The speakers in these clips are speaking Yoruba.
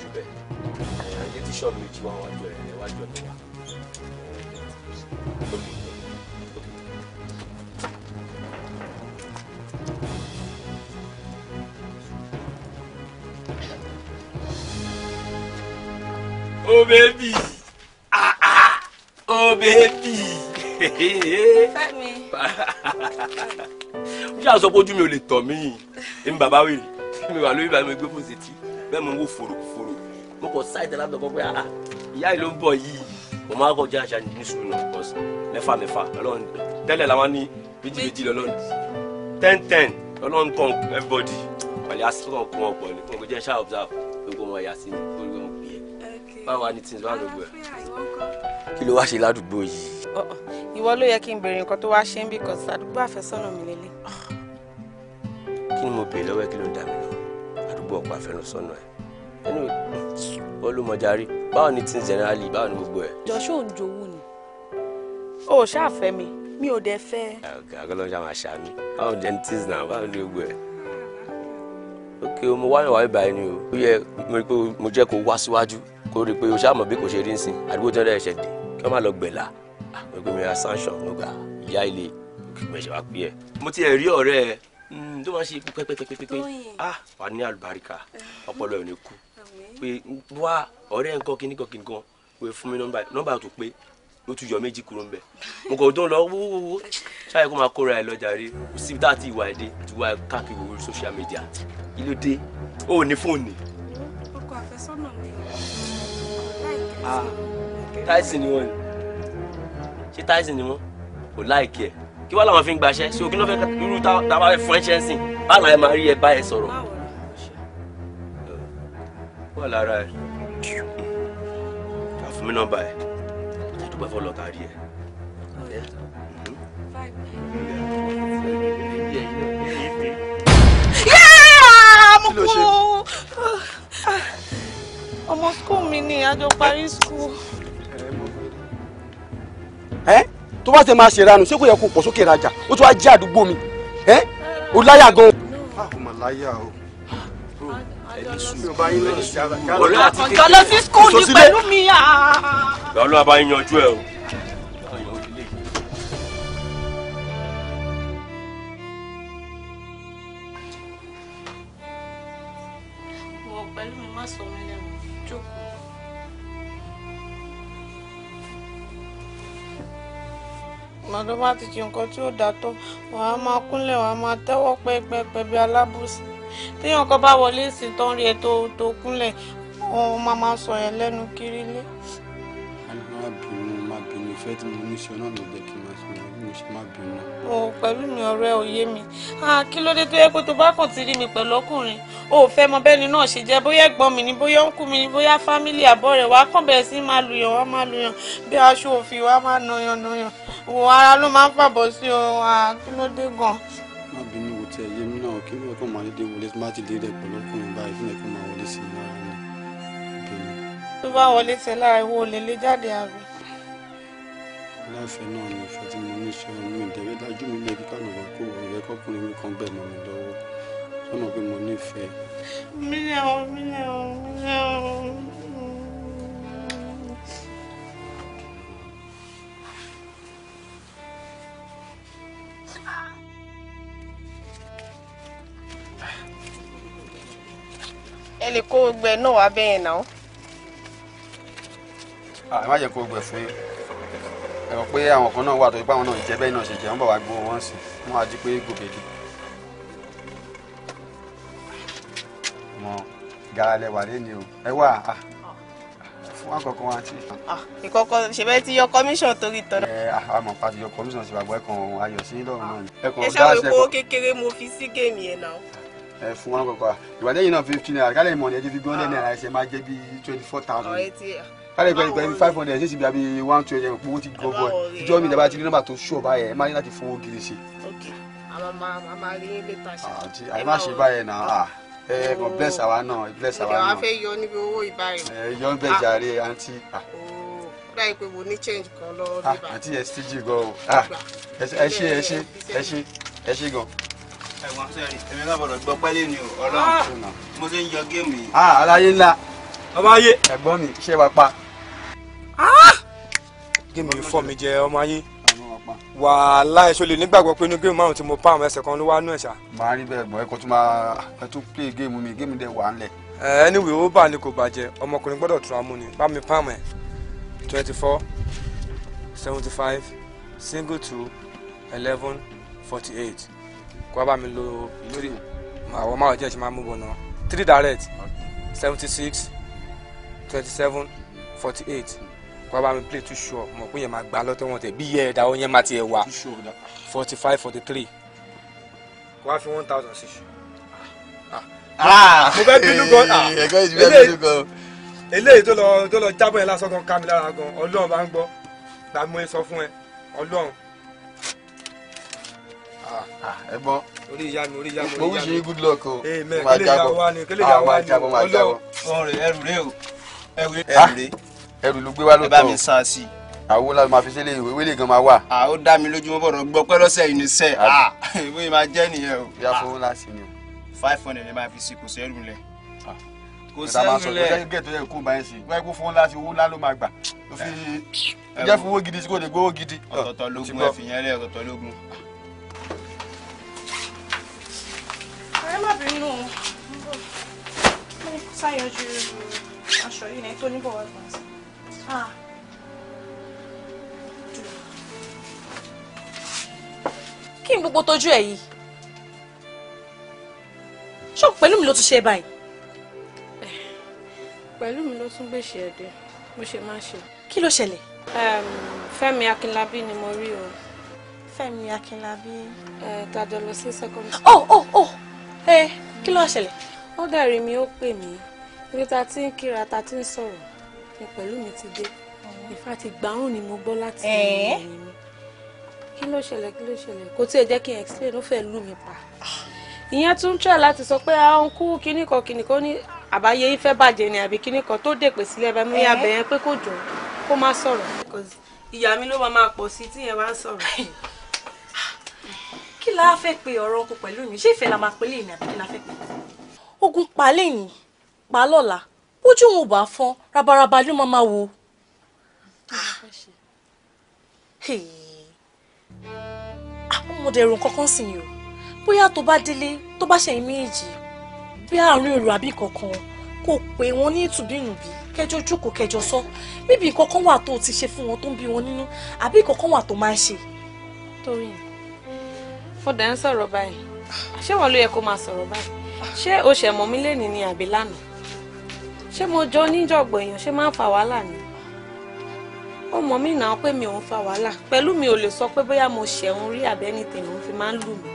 jù bẹ́ẹ̀ ẹ̀ ẹ́ kí méjì wá wájú ẹ̀ ẹ̀ wájú wa. Oh baby, ah ah, oh baby. Fẹ́mi. Ó mi ò lè tọ̀ mí. Èmi bàbá wèrè, èmi wà lórí ìbámu ẹgbẹ́ fún ṣètì, bẹ́ẹ̀ mo ń wo fòrò fòrò mo kàn ṣáìtẹ̀ látọ̀kọ́ pé ah ìyá yìí ló ń bọ̀ yìí mo máa kọjá àṣà ní sùúrù náà pọ̀s mẹ́fà mẹ́fà lọ́lọ́run tẹ́lẹ̀ làwọn ní méjì méjì lọ́lọ́run ten ten lọ́lọ́run kan everybody pẹ̀lú asọ́kàn kún ọ̀pọ̀ ní kò jẹ́ ṣáà observe gbogbo wọn yà sí ní gbogbo wọn pè é báwa ni tí n bá gbogbo kí ló wá ṣe ládùúgbò yìí. ìwọ ló yẹ kí n béèrè nǹkan tó wá ṣe ń bí cause àdúgbò àfẹ́sọ́nà mi lélẹ̀. kí ni mo béèrè lọ́wọ́ kí ló ń dà mí lọ àdúgbò ọ̀pọ̀ àfẹ́sọ́nà ẹ̀ ẹnu olùmọ̀járí báwo ni things generally báwo ni gbogbo ẹ̀. jọ̀ṣọ́ ò ń jowú ni o ò ṣàfẹ́ mi mi ò dẹ̀ fẹ́. àgọ́lọ́ ṣe àwọn àṣà mi báwo ni things náà báwo ni gbogbo ẹ̀. ok mo wá ìwà ìbà ẹni o ó yẹ mo jẹ́ kó wá síwájú kó rí i pé o ṣàmọ̀ bí kò ṣe rí nsìn àdúgbò tí wọ́n dẹ̀ ṣẹ̀ dé kí wọ́n má lọ gbẹ̀là ah, mo gbé mi ra sanction mo gbà ìyá ilé mo ṣe wá pé ẹ. mo ti ẹ̀ rí ọ̀rẹ́ ẹ hmm, tó máa ń pé wá ọ̀rẹ́ nǹkan kíní kan kíní kan pé fún mi nọ́mbà nọ́mbà tó pé ó tún yọ méjì kúrò ńbẹ̀ mo kàn tó lọ wúwúwú ṣáà kó máa kóra ẹ lọ́jà rí sí ibi tá a ti ti wá káàkiri orí social media ilé dé ó ní fóònù. ọkọ àfẹ́sọ́nà mi ah, tyson ni wọn ni ṣé tyson ni wọn kò láìkí ẹ kí wọn làwọn fi ń gbaṣẹ́ ṣé òkè ló fẹ́ irú táwọn fún ẹ ṣe ń sìn báwo ẹ máa rí ẹ bá ẹ sọ̀rọ̀ wà lára ẹ̀ kà fún mi nọ́mbà ẹ̀ àti dúpẹ́ fọlọ́ kárí ẹ̀. mo kú ọmọ skul mi ni àjọ parí skul. ẹ tó bá ti máa ṣèrànù ṣé kò yẹ kó pọ̀ sókè rajà ó tún wá jẹ́ àdúgbò mi ẹ ó láyà gan-an. Ah, ó mà láyà o ọ̀rẹ́ àti kékeré kàlọ́ sí skul ní pẹ̀lú mi. ìgbàlú àbáyé yanjú ẹ o. màdó bá ti nǹkan tí ó dà wàá máa kúnlẹ̀ wàá máa tẹ́wọ́ pẹ́ẹ́pẹ́ẹ́pẹ́ bí alábùsùn téèyàn kan bá wọlé sí i tó ń rí ẹ tó tó kúnlẹ̀ òun máa máa sọ yẹn lẹ́nu kiri lé. má bínú má bínú ìfẹ́ tí mo ní sí ọ náà ló jẹ́ kí n máa sọ yẹn bí mo ṣe má bínú. o pẹ̀lú mi ọ̀rẹ́ òye mi kí ló dé tó yẹ kó tó bá kàn ti rí mi pẹ̀lú ọkùnrin o ò fẹ́ mọ bẹ́ni náà ṣe jẹ́ bóyá ẹ̀gbọ́n mi ni bóyá òǹkù mi ni bóyá fámìlì àbọ̀ rẹ̀ wá kàn bẹ̀rẹ̀ sí máa lu yàn wá máa lu yàn bí aṣọ òfin wá máa nà yàn nà yàn wò ara ló máa ń fàbọ̀ sí ọ kí ló dé gan. má bínú kó máa dédé wọlé tó ti dé rẹ̀ pẹ̀lú báyìí fún ẹ̀ máa wọlé sí lára ni. tó bá wọlé tẹ lára ìwọ olè lè jáde àbí. aláfẹ náà ni ìfẹ́ ní sọ mi ìdẹ́rẹ́ dájú mi lẹ́bi kánò wọn kó ọ̀rẹ́ kọkùnrin mi kan bẹ̀ mọ́ mi lọ́wọ́ sọ́nà pé mo nífẹ̀ẹ́. mílíọ̀nù mílíọ̀nù mílíọ̀nù. ẹ lè kó gbẹ náà wá bẹ́ẹ̀ náà. ẹ má jẹ́ kó gbẹ fún yín ẹ rò pé àwọn kan náà wà tó ipá wọn náà jẹ́ bẹ́ẹ̀ náà ṣe jẹ́ wọ́n bá wa gbó wọn sí i wọ́n á jí pé gòkèdè. mọ gara lẹ wà o ẹ wà á fún wa kankan wa ti. ìkọ̀kọ̀ ṣẹbẹ́ ti yọ kọmíṣọ̀n torí tọ́lá. ẹ àmọ̀ pàtó yọ kọmíṣọ̀n ti bàgbọ́ ẹ̀kan ayọ̀ sí lọ́rùn náà ẹ ṣàwọn epo kékeré mo fi sí géèmì yẹn náà ẹ fún wọn kọkọ ìwà lẹ́yìn náà fifteen naira kálẹ̀ ìmọ̀ ní ẹjẹ́ bí hundred naira ẹsẹ̀ máa jẹ́ bí twenty four thousand kálẹ̀ ìgbà ìgbà five hundred ẹsẹ̀ bí abi one twenty ẹ̀rọ owó ti gbogbo ẹ̀ ìjọ mi ìjọba ti rí nọ́mbà tó ṣù ọ̀bá yẹn ẹ máa ní láti fowó gidi sí. Ah, àyè má ṣe báyẹn náà ah, ẹ kò bless àwa náà bless àwa náà. ìjọba fẹ́ yọ ẹ̀wọ̀n sẹ́rì èmi náà bọ̀dọ̀ gbọ́ pẹ́lẹ́ ni o ọlọ́run ah! mo ṣe ń yọ géèmù yìí. a ah, aláyé ńlá ọba ayé ẹ̀gbọ́n mi ṣé wàá pa. Ah! géèmù yìí fọ́ mi jẹ ọmọ ayé wàhálà ẹ̀ṣọ́ lè nígbàgbọ́ pé inú géèmù márùn tí mo pa àwọn ẹsẹ̀ kan ló wá nú ẹ̀ṣà. màá rí bẹ́ẹ̀ gbọ́n ẹ kó tún máa ẹ tún pé géèmù mi géèmù dẹ̀ wà á lẹ̀. ẹ ẹni wèé ó bà ní kò bàjẹ́ ọmọkùnrin gbọ́dọ̀ tún amú ni bá mi pàmò ẹ̀ twenty four seventy five single two eleven forty eight kó mi lo three àwọn máa ṣe máa mú bọ̀ three direct seventy six twenty seven forty eight kó bá mi play too sure mọ̀ pé yẹn máa gbà lọ́tọ̀ wọn tẹ̀ bí yẹ ẹ̀dá ó yẹn máa tiẹ̀ wà forty five forty three Kwa wá fi one thousand six. Ah. Ah. mo fẹ́ bínú gan ah. eléyìí tó lọ jábọ̀ yẹn lásán kan ká mi lára gan ọlọ́run bá ń gbọ́ gbàmú ẹ sọ fún ẹ ọlọ́run Ah, ẹ bọ́ orí ìyá mi orí ìyá mi good luck o máa jábọ̀ àwọn ajábọ̀ ah, máa jábọ̀. ọ̀rẹ́ ẹrù rẹ o ẹrù rẹ ah, ẹrù ló gbé wá lóòótọ́ ẹ bá mi san sí i. àwọn la máa fi sílé ìwé wílé gan máa wà. à dá mi lójú mo bọ̀rọ̀ gbọ́ pẹ́ lọ́sẹ̀ yìí ní sẹ́ à ìwé máa jẹ́ nìyẹn o. bí a fowó ńlá sí ni o. five hundred ẹ máa fi sí kò sẹ́rù lẹ̀ kò sẹ́yìn lẹ̀. ẹ̀ka gẹ̀ẹ́tọ̀ yẹ kó ba ẹ̀ sí i wáyé kó fún láti owó ńlá ló máa gbà ó fi eh. jẹ́ fún gidi tí kò lè gbówó gidi. ọ̀tọ̀ọ̀tọ̀ lógún ẹ̀ fìyẹn lẹ̀ ọ̀tọ̀ọ̀tọ̀ lógún. ẹ má bínú no mo de kó sáyọjú nem yìí ní tó níbọ̀ wá gbà sí. kí n gbogbo tójú ẹ yìí ṣó pẹ̀lú mi ló tún ṣe báyìí. pẹ̀lú mi ló tún gbèsè ẹ̀dẹ̀ mo ṣe máa ṣe. kí ló ṣẹlẹ̀. Fẹ́mi Akínlábí ni mo rí o. oh oh oh ẹ kí ló ṣẹlẹ̀. ó dàrí mi ó pè mí ibi tá a ti ń kíra tá a ti ń sọ̀rọ̀ ni pẹ̀lú mi ti dé ìfà ti gbàrún ni mo gbọ́ láti ẹ̀yìn mi kí ló ṣẹlẹ̀ kí ló ṣẹlẹ̀ kò tí ì jẹ́ kí n explain ó fẹ́ lù mí pa ìyẹn tún try láti sọ pé àwọn kú kinní kan kinní kan ní àbáyé ìfẹ́ bàjẹ́ ni àbí kinní kan tó dèpè sílẹ̀ bá mi yá bẹ̀yẹn pé kò jọ kó má sọ̀rọ̀ ìyá mi ló máa máa pọ̀ sí tíyẹn bá ń sọ̀rọ̀ kí la fẹ́ pe ọ̀rọ̀ ọkọ pẹ̀lú mi ṣé ìfẹ́ la máa pe lè ní àbí kí la fẹ́ pe. ogun pa lẹ́yìn pa lọ́la ojú wọn ò bá fọ́n rabaraba ló máa máa wo. Ah, àwọn ọmọdé ẹ̀rù kankan sì ni o bóyá tó bá délé tó bá ṣẹ̀yìn méjì bí àárín èrò àbí kankan kò pé wọn ní ìtùbínùbí kẹjọ jókòó kẹjọ sọ níbi kankan wà tó ti ṣe fún wọn tó ń bí wọn nínú àbí kankan wà tó máa ṣe. torí ẹ̀ fọdà ń sọ̀rọ̀ báyìí ṣé wọn ló yẹ kó máa sọ̀rọ̀ báyìí ṣé o ṣẹ̀ mọ̀ mí lẹ́nìí ni àbí lánàá ṣé mo jọ oníjọ̀gbọ̀n èèyàn ṣé máa ń fa wàhálà ni ó mọ̀ mí náà pé mi ò ń fa wàhálà pẹ̀lú mi ò lè sọ pé bóyá mo ṣẹ̀hún rí àbẹ́ni tèmi fi máa ń lù mí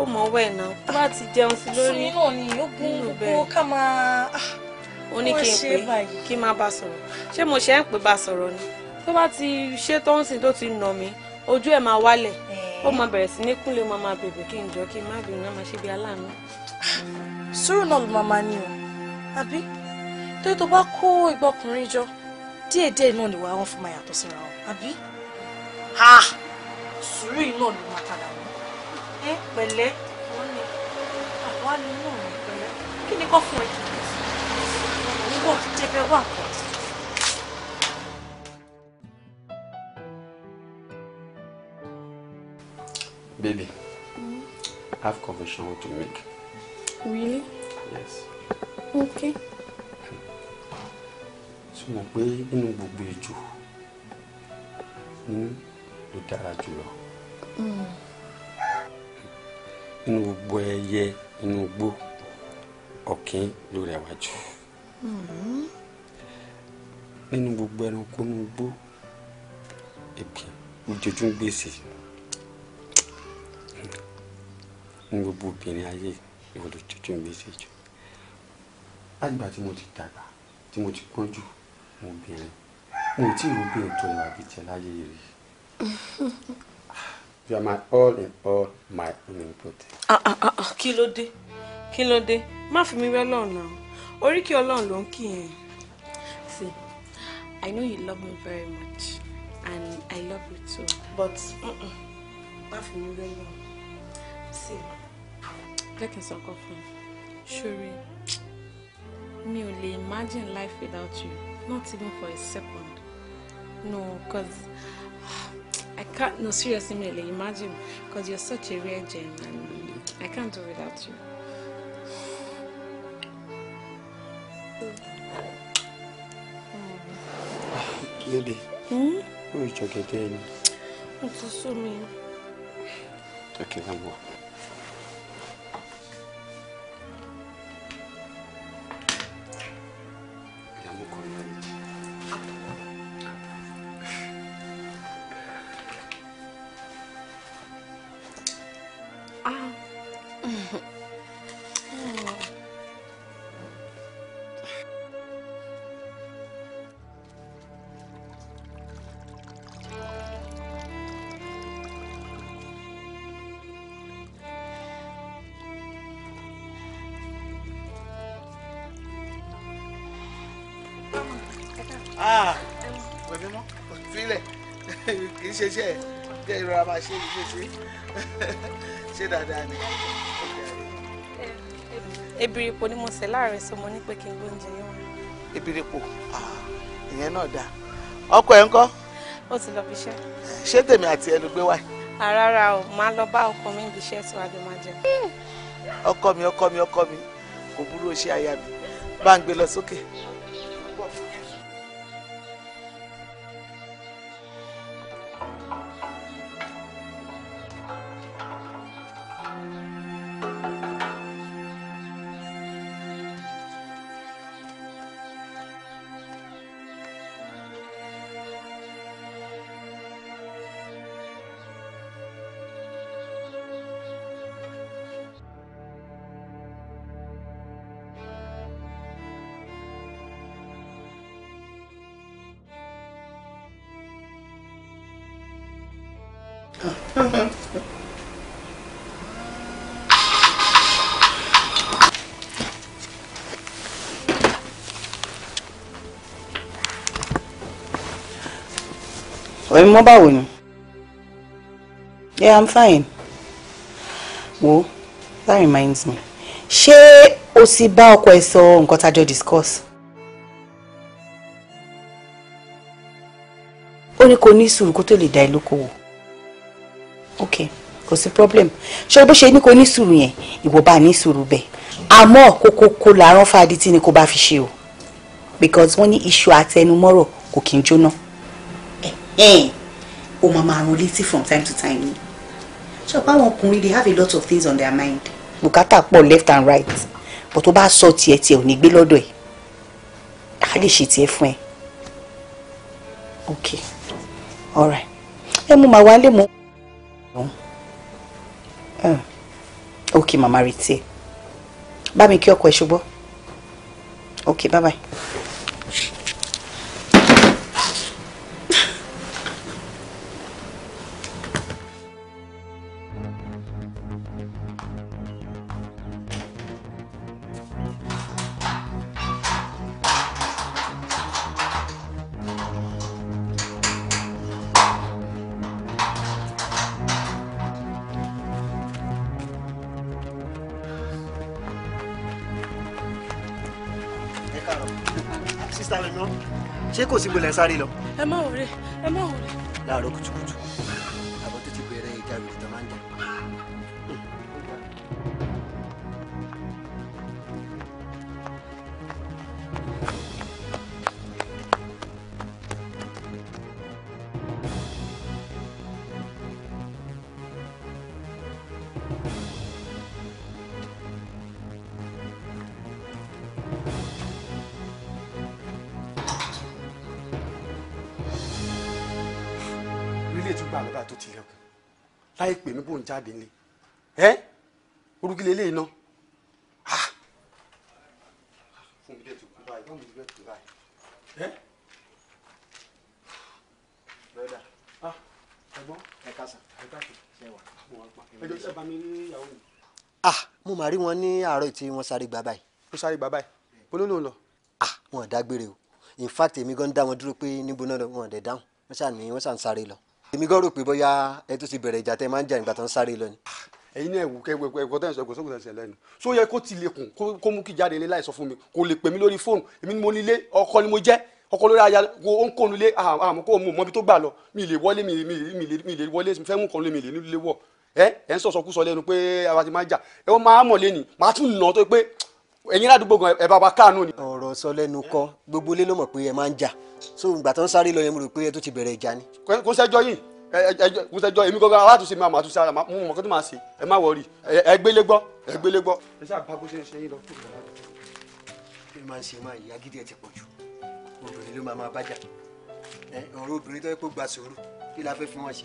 ó mọ̀ wẹ̀ náà tó bá ti jẹun sí lórí nínú bẹ́ẹ̀ ah, ó ní kí n pè kí n má bá sọ̀rọ̀ ṣé mo ṣe ń pè bá sọ̀rọ̀ ni tó bá ti ṣe tó ń sìn tó ti nà mí ojú ẹ̀ máa wálẹ̀ ó máa bẹ̀rẹ̀ sí ní kúnlẹ̀ máa máa bèbè kí n jọ kí n má bínú náà máa ṣe bí aláàánú. sùúrù náà ló máa máa ní o àbí torí tó bá kó ìgbà ọkùnrin jọ díẹ̀díẹ̀ náà ni wàá wọn fún máa yàtọ̀ síra wọn àbí. sùúrù yìí náà ló máa padà mú. ẹ pẹ̀lẹ́ wọ́n ní àwọn àlè pẹ̀lẹ́ kí ni kò fún ẹ. nígbà tí jẹ́ bẹ́ẹ̀ wà pọ̀ Baby, mm. I have confession to make. Really? Yes. Okay. So mo pé nínú gbogbo ejò ní hmm, ló dára jùlọ? Mm. Nínú gbogbo ẹyẹ inú igbó ọ̀kín ló rẹwà jù. Mm-hmm. Nínú gbogbo ẹranko inú igbó èpè ojoojúmọ́ gbèsè. Mm gbogbo obìnrin ayé ìwọ ló tuntun méjì jù lágbà tí mo ti dàgbà tí mo ti pọ́n jù mo obìnrin mo ò tí rúbí ètò ìwà àbíjẹ láyé rí you are my all in all my own input. Ah, ah, ah, kí ló dé kí ló dé má fi mi wé ọlọ́run náà oríkì ọlọ́run ló ń kí yẹn. see i know you love me very much and i love you too but má fi mi wé ọlọ́run see jẹ́ kí n sọ nǹkan fún yín mi ò lè imagine life without you not even for a second no cause I can't no seriously mi ò lè imagine cause you're such a rare gem and I can't do without you. Lady, hmm? who is your getting? It's a swimming. Okay, come on. kì í ṣe iṣẹ́ jẹ́ ìrora máa ṣe ìṣe ṣe ṣe dáadáa ni. ebiripo ni mo sè láàrin so mo ní pé kí n gbóúnjẹ yẹn wá. ebiripo ah, ìyẹn náà dáa ọkọ ẹ ń kọ́. ó ti lọ bí iṣẹ́. ṣé tèmi àti ẹnu gbé wáyé àràrà o máa lọ bá ọkọ mi ibi iṣẹ́ tí wàá jọ máa jẹ. ọkọ mi ọkọ mi ọkọ mi kò burú o ṣe aya mi bá ń gbé lọ sókè ẹ̀mí mọ́ báwo ni yeah i'm fine wo that reminds me ṣé o sì bá ọkọ ẹ sọ nǹkan tájọ discuss. ó ní kò ní sùúrù kó tó lè dá ẹ ok kò sí problem ṣé bó ṣe ní kò ní sùúrù yẹn ìwọ bá ní sùúrù bẹ́ẹ̀ àmọ́ kókó kó làárọ̀ fàdí tí ni kò bá fi ṣe o because wọ́n ní iṣu àtẹnumọ́rọ̀ kò kí ń jóná. No o máa máa rán létí from time to time ni ṣọpá àwọn ọkùnrin they have a lot of things on their mind. bùkátà pọ̀ left and right but tó bá sọ tiẹ̀ tiẹ̀ ò ní gbé lọ́dọ̀ ẹ̀ a lè ṣe tiẹ̀ fún ẹ ok alright ẹ mú màá wálé mọ́ ok màmá retí ẹ bá mi kí ọkọ ẹ ṣùgbọ́n ok bye bye. kò sí gbolẹ̀ sáré lọ. ẹ má wọlé ẹ má wọlé. láàárọ̀ kùtùkùtù jáde ni ẹ orúkí lélẹ́yìn náà ah fún mi ah ẹ̀gbọ́n ẹ kásán ẹ kásán ṣe wà ẹjọ tí ah mo máa rí wọn ní àárọ̀ tí wọ́n sáré gbà báyìí. wọ́n sáré gbà báyìí polówó lọ. ah wọn ò dágbére o in fact èmi gan dá wọn dúró pé níbo náà wọn ò dẹ̀ dáhùn wọ́n ṣàní wọ́n ṣàn sáré lọ èmi gan rò pé bóyá ẹ tún ti bẹ̀rẹ̀ ìjà tẹ́ máa ń jà ìgbà tó ń sáré lọ ni. Ah, ẹ̀yin náà ẹwù kẹwẹ ẹkọ tẹ́ ń sọ ẹkọ sọkùn tẹsẹ lẹ́nu so yẹ kó tilẹ̀kùn kó mú kí jáde ilé láì sọ fún mi kò lè pè mí lórí fóònù èmi ni mo nílé ọkọ ni mo jẹ́ ọkọ lórí aya wo ó ń kó nulé àmọ́ ah, ah, kó mú mọbi tó gbà lọ mi lè wọlé mi lè wọlé fẹ́ mú kan lé mi lè nílé wọ ẹ ẹ ń sọsọ kú sọ lẹ́nu pé àwa ti máa ń jà ẹ wọ́n máa mọ̀ lẹ́nu màá tún nà tó pé ẹ̀yin ládùúgbò gan ẹ̀ bàbá káànú ni. ọ̀rọ̀ sọ lẹ́nu kọ́ gbogbo ilé ló pé ẹ máa ń jà so ìgbà tó ń sáré lọ yẹn mo rò pé ẹ tó ti bẹ̀rẹ̀ ìjà ni. kò sẹ́jọ́ yìí kò sẹ́jọ́ èmi gangan aláàtú sí máa màtú sára mo mọ̀ kó tó máa ṣe ẹ má wọrí ẹ gbélé gbọ́ ẹ gbélé gbọ́. ẹ ṣáà bá bó ṣe ń ṣe yín lọ tó bẹ̀rẹ̀ láti. kí ló máa ń ṣe máa yí agídí ẹ ti pọ̀ jù obìnrin ló máa máa bájà ọ̀rọ̀ obìnrin tó yẹ kó gba sùúrù kí la fẹ́ fi wọ́n ṣe.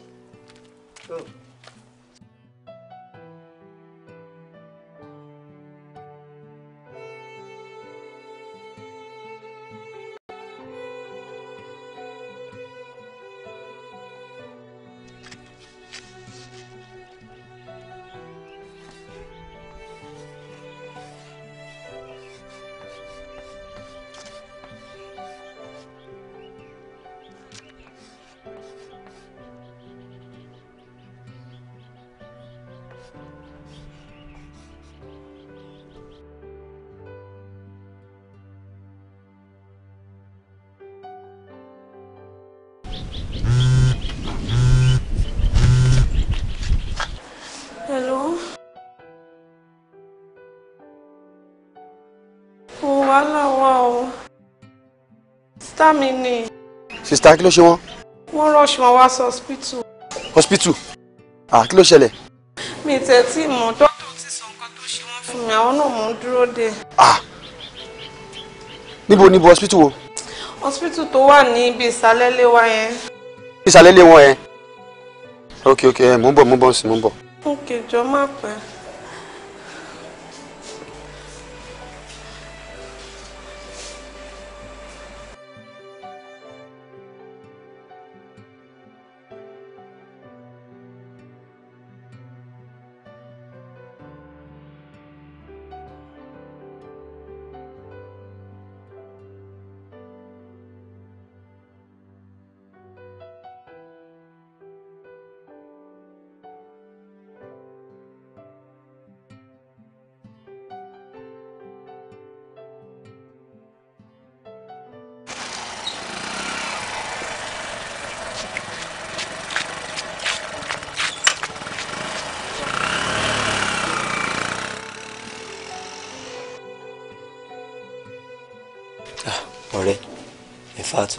sista kí ló ṣe wọ́n. wọ́n rush wọn wá sí hospital. hospital ah kí ló ṣẹlẹ̀. mi tẹ̀ tí mọ̀ dọ́tọ̀ ti sọ nǹkan tó ṣe wọ́n fún mi àwọn náà mò ń dúró dè. ah níbo níbo hospital wo. hospital tó wà ní ibi ìsàlẹ̀lé wa yẹn. ìsàlẹ̀lé wọn yẹn ok ok mò ń bọ̀ mò ń bọ̀ sí mò ń bọ̀. ok jọ má pẹ́.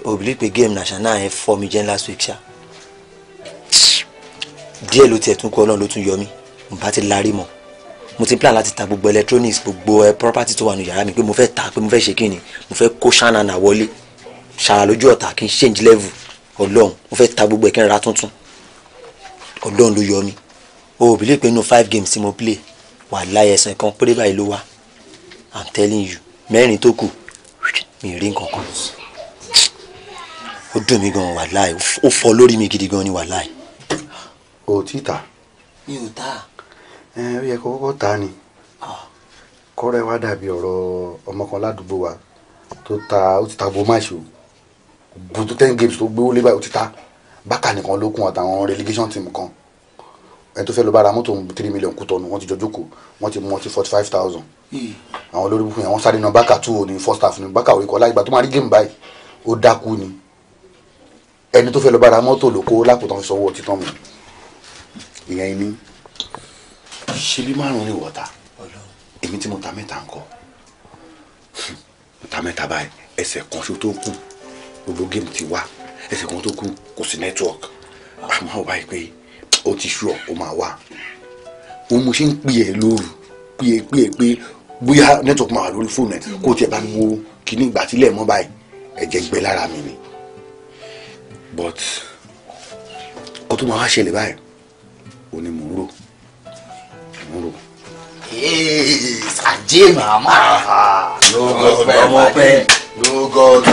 o believe pé game national yẹn fọ́ mi jẹ́ last week ṣá díẹ̀ ló tiẹ̀ tún kú ọlọ́run ló tún yọ mí n bá ti larí mọ́ mo ti plan láti ta gbogbo electronics gbogbo ẹ eh, property tó wà nù yàrá mi pé mo fẹ́ ta pé mo fẹ́ ṣe kí ni mo fẹ́ kó ṣáná wọlé ṣàrà lójú ọ̀tá kí n change level ọlọ́run mo fẹ́ ta gbogbo ẹ̀ kí n ra tuntun ọlọ́run ló yọ mí o ò believe pé inú five games tí mo play wà láyé ẹsẹ̀ kan péré báyìí ló wà i'm telling you mẹ́rin tó kù mi rí nǹkan kan dùn mí gan wàláì ó fọ́ lórí mi gidi gan ni wàláì. o ti ta. mi ò ta. ẹ ó yẹ kó ta ni ah. kọ́rẹ́ wa dàbí ọ̀rọ̀ ọmọ kan ládùúgbò wa tó ta ó ti ta bó má ṣe o butu ten games tó gbéwó lébàá ó ti ta bákà nìkan ló kún àtàwọn relegation team kan ẹni tó fẹ́ lọ bára mọ́tò three million kú tọ́nu wọ́n ti jọ jókòó wọ́n ti mú ọtí forty five thousand àwọn olórí bukun yẹn wọ́n sáré náà bákà two ní first half ní bákà orí kọ́ láìgbà tó máa rí game báyìí ó dákú ni ẹni tó fẹ́ lọ bára mọ́tò ló kó lákòótán sanwó ọtí tán mu ìyẹn ni ṣebí márùn-ún ni wọ́ta èmi tí mo ta mẹ́ta ń kọ́ mo ta mẹ́ta báyìí ẹsẹ̀ kan ṣo tó kù gbogbo géèmù ti wá ẹsẹ̀ kan tó kù kò sí network àmọ́ ò báyìí pé ó ti ṣú ọ ó máa wá òun mo ṣe ń pè é lóru pè é pè é pé bóyá network máa wà lórí fóònù ẹ kó tiẹ̀ bá mi wo kíní ìgbà tílẹ̀ mọ́ báyìí ẹ̀jẹ̀ gbẹ lára mi ni but kó tó máa wá ṣẹlẹ̀ báyìí ó ní mò ń rò mò ń rò. ṣàjẹ́ màmá. lọ́gọ́dù ọpẹ́ lọ́gọ́dù.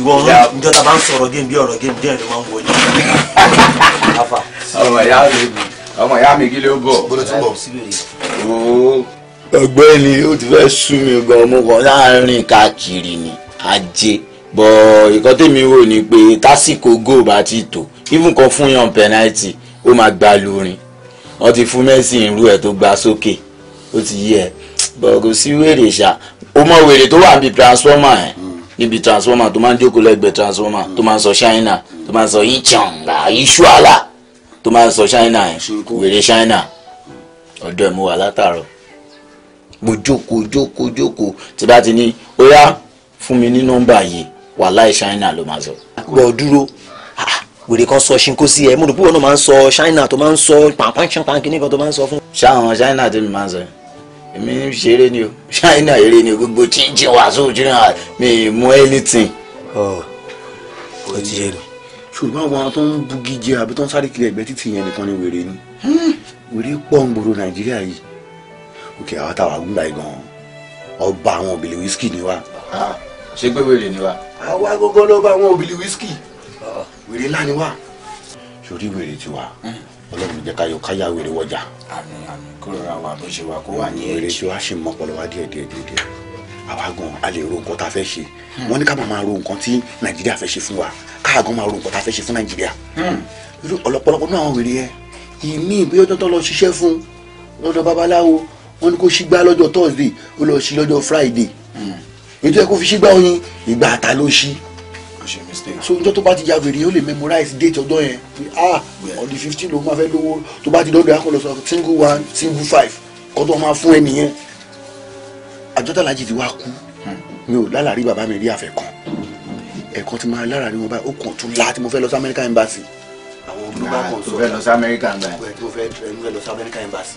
ìwọ njọ́ ta bá ń sọ̀rọ̀ géèmù bí ọ̀rọ̀ géèmù díẹ̀ ló máa ń wọlé. ọmọ ìyá mi ọmọ ìyá mi kí ló bọ̀. gbọ́dọ̀ tún bọ̀ síbẹ̀ yìí ọ̀gbẹ́ni ó ti fẹ́ sú mi gan mo kàn láàrin káàkiri ni ajé bọ̀ ìkan tèmi wò ni pé tásìkò góò bá ti tò even kan fún yan pẹnáìtì ó máa gba lórin wọ́n ti fún Messi irú ẹ̀ tó gba sókè ó ti yẹ bọ̀ kò sí wèrè ṣá ó mọ wèrè tó wà níbi transformer ẹ̀ níbi transformer tó máa ń jókòó lẹ́gbẹ̀ẹ́ transformer tó máa ń sọ China tó máa ń sọ ìchàngà ìṣúàlà tó máa ń sọ China ẹ̀ wèrè China ọ̀dọ̀ ẹ̀ mo wà látàárọ̀ mo jókòó jókòó jókòó tí bá ti ní ó yá fún mi ní nọ́mbà yìí wàláì ṣáínà ló máa sọ. gbọ́ dúró wèrè kan sọ ṣinko sí ẹ mo rò pé wọn náà máa ń sọ ṣáínà tó máa ń sọ pàǹpáǹṣán pàǹkìní kan tó máa ń sọ fún. ṣáwọn ṣáínà tó mi máa ń sọ èmi ń ṣeré ni o ṣáínà eré ni gbogbo chinchin wàásù jìnnà mi mú anything. ọ ọ ti yé mi. ṣùgbọ́n àwọn tó ń bugi jẹ àbí tó ń sáré kiri ẹ̀gbẹ́ títì yẹn nìkan ni wèrè ni hmm. wèrè pọ̀ ń gbòòrò nàìjíríà yìí òkè àwọn táwa gbúgbà yìí gan ọba àwọn òbèlè wíṣkì ni wa àwa gọ́gọ́ lọ bá àwọn òbílí wíṣkì ah. wèrè ńlá ni wá. sórí wèrè ti wá hmm. ọlọ́run jẹ́ káyọ̀ káyà wèrè wọjà. àmín àmín kó rọra wà bó ṣe wà kó wà ní ẹ̀jẹ̀. wèrè tí wàá ṣe mọ ọpọlọ wa díẹ̀ díẹ̀ díẹ̀ díẹ̀ àwa gan a lè ro nǹkan tá a fẹ́ ṣe hmm. wọ́n ní ká máa ro nǹkan tí nàìjíríà fẹ́ ṣe fún wa káà gan máa ro nǹkan tá a fẹ́ ṣe fún nàìjíríà. Hmm. ọ̀pọ̀lọpọ̀ náà àwọn wèrè yẹn ìmí ìbí ọjọ́ tó lọ ṣiṣẹ́ fún lọ́dọ̀ babaláwo wọ́n ní kó ṣígbá lọ́jọ́ thursday ó lọ ṣí lọ́jọ́ friday ètò ẹ fi ṣígbà oyin ìgbà àta ló ṣí so njọ́ tó bá ti ya wèrè yóò lè memorize date ọjọ́ yẹn ah on fifteen ló máa fẹ́ lówó tó bá ti dọ́dọ̀ yà kó lọ sọ single one single five kó máa fún ẹ àjọta làjì ti wá kú hmm. mi ò lálàrí bàbá mi rí àfẹ́ kan ẹ̀kan ti máa lára rí wọn báyìí ó kàn tún láti mo fẹ́ lọ sí American embassy àwọn global consul tó fẹ́ lọ sí American embassy tó fẹ́ lọ sí American embassy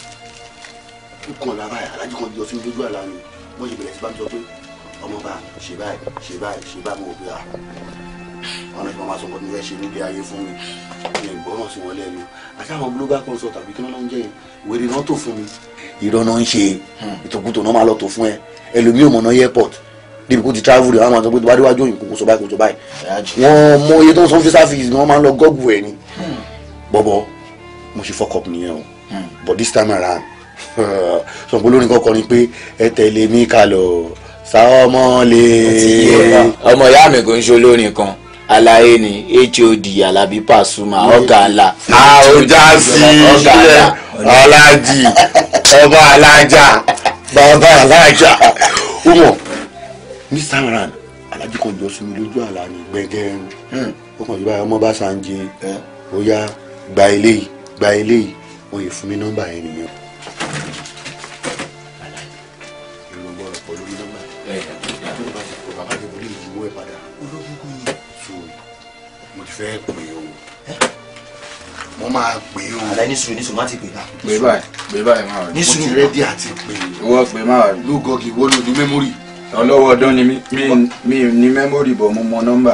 ó kàn lára àlájì kan jọ sí ojú àlá mi wọ́n yìí bẹ̀rẹ̀ sí bá mi sọ pé ọmọba ṣe báyìí ṣe báyìí ṣe báyìí mo gbéra ah, ọ̀nà ìfọ̀mọ́ aṣọ kan tí wọ́n ṣe níbi ayé fún mi ní ìgbọ́ràn sí wọn lẹ́nu àti àwọn global consult àbí kí wọ́n náà ń jẹ́ yẹn wèrè náà tó fún mi. irọ́ náà ń ṣe ìtòkùtò náà máa lọ tó fún ẹ ẹlòmíì ò mọ̀ náà airport níbi kó ti travel rẹ̀ wọ́n máa sọ pé tó bá déwájú òyìnbó kò sọ báyìí kò sọ báyìí. wọ́n mọ iye tó ń san visa fees ni wọ́n máa ń lọ gọ́gù ẹ̀ ni. bọ́bọ́ mo ṣe fọ́kọ̀ nìyẹn o but this time around sọ̀pọ̀ lórí kọ́kọ́ ni pé ẹ tẹ̀lé mi ká lọ sáwọn ọmọ lè. ọmọ ìyá mi kò ń ṣe olórin kan alaye ni hod alabi pasuma ọ̀gá ńlá. a ò já sí ilé ọlájì ọba alájà bàbá alájà ọmọ ní samran alájì kan jọ sí mi lójú àlá ní gbẹgẹrun ọkàn hmm. yìí báyọ̀ ọmọ bá ṣàǹjẹ eh. ó yá gba eléyìí gba eléyìí wọ́n yìí fún mi nọ́mbà yẹn nìyẹn. fẹ́ pè o mo máa pè o. àlẹ́ ní sùúrù ní sùúrù má ti pè náà. pè báyìí pè báyìí máa rí. ní sùúrù mo rẹ́dí àti pè. ìwọ pè máa rí. lúgọ́gì wo ló ní mẹ́mórì. ọlọ́wọ́ ọdún ni mi ní mẹ́mórì bọ̀ mo mọ nọ́mbà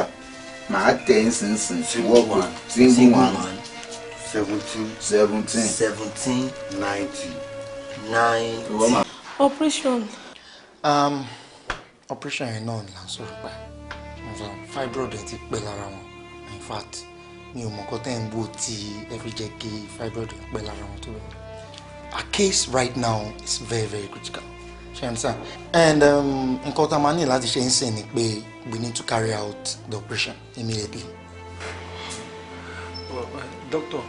màá tẹ̀ ń sìn sìn sí wọ́pọ̀ single one seventeen seventeen seventeen ninety nine. operation. Um, operation yẹn náà là ń sọ̀rọ̀ pa fibroid ti pẹ́ lára wọn fact mi ò mọ̀ nǹkan tẹ́ ń wò tí ẹ fi jẹ́ kí fibroid pẹ́ lára wọn tó bẹ̀rẹ̀ our case right now is very very critical ṣe and um, nǹkan tá a máa ní láti ṣe ń sìn ni pé we need to carry out the operation immediately. Uh, doctor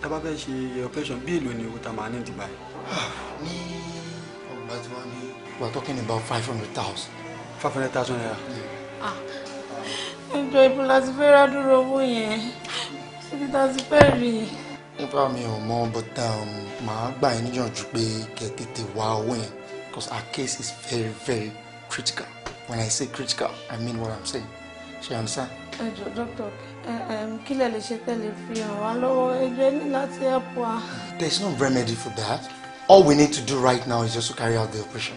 tá bá fẹ́ ṣe operation bí èlò ni owó tá a máa ní ìdìbà yìí. ní ọgbà tí wọ́n ní. we are talking about five hundred thousand. five hundred thousand naira. ah ìjọ ìbò láti fẹ́ rádúró owó yẹn ibi tá a ti fẹ́ rí i. nípa mi ò mọ bọ́tà um, màá gbà yín níyànjú pé kẹ́ tètè wá owó yẹn because our case is very very critical when I say critical I mean what I'm saying ṣe àmsá. ẹ jọ̀ọ́ dókítà kí lẹ lè ṣe tẹlẹ fi hàn wá lọ́wọ́ ẹjọ́ ní láti help wa. there is no remedy for that all we need to do right now is just to carry out the operation.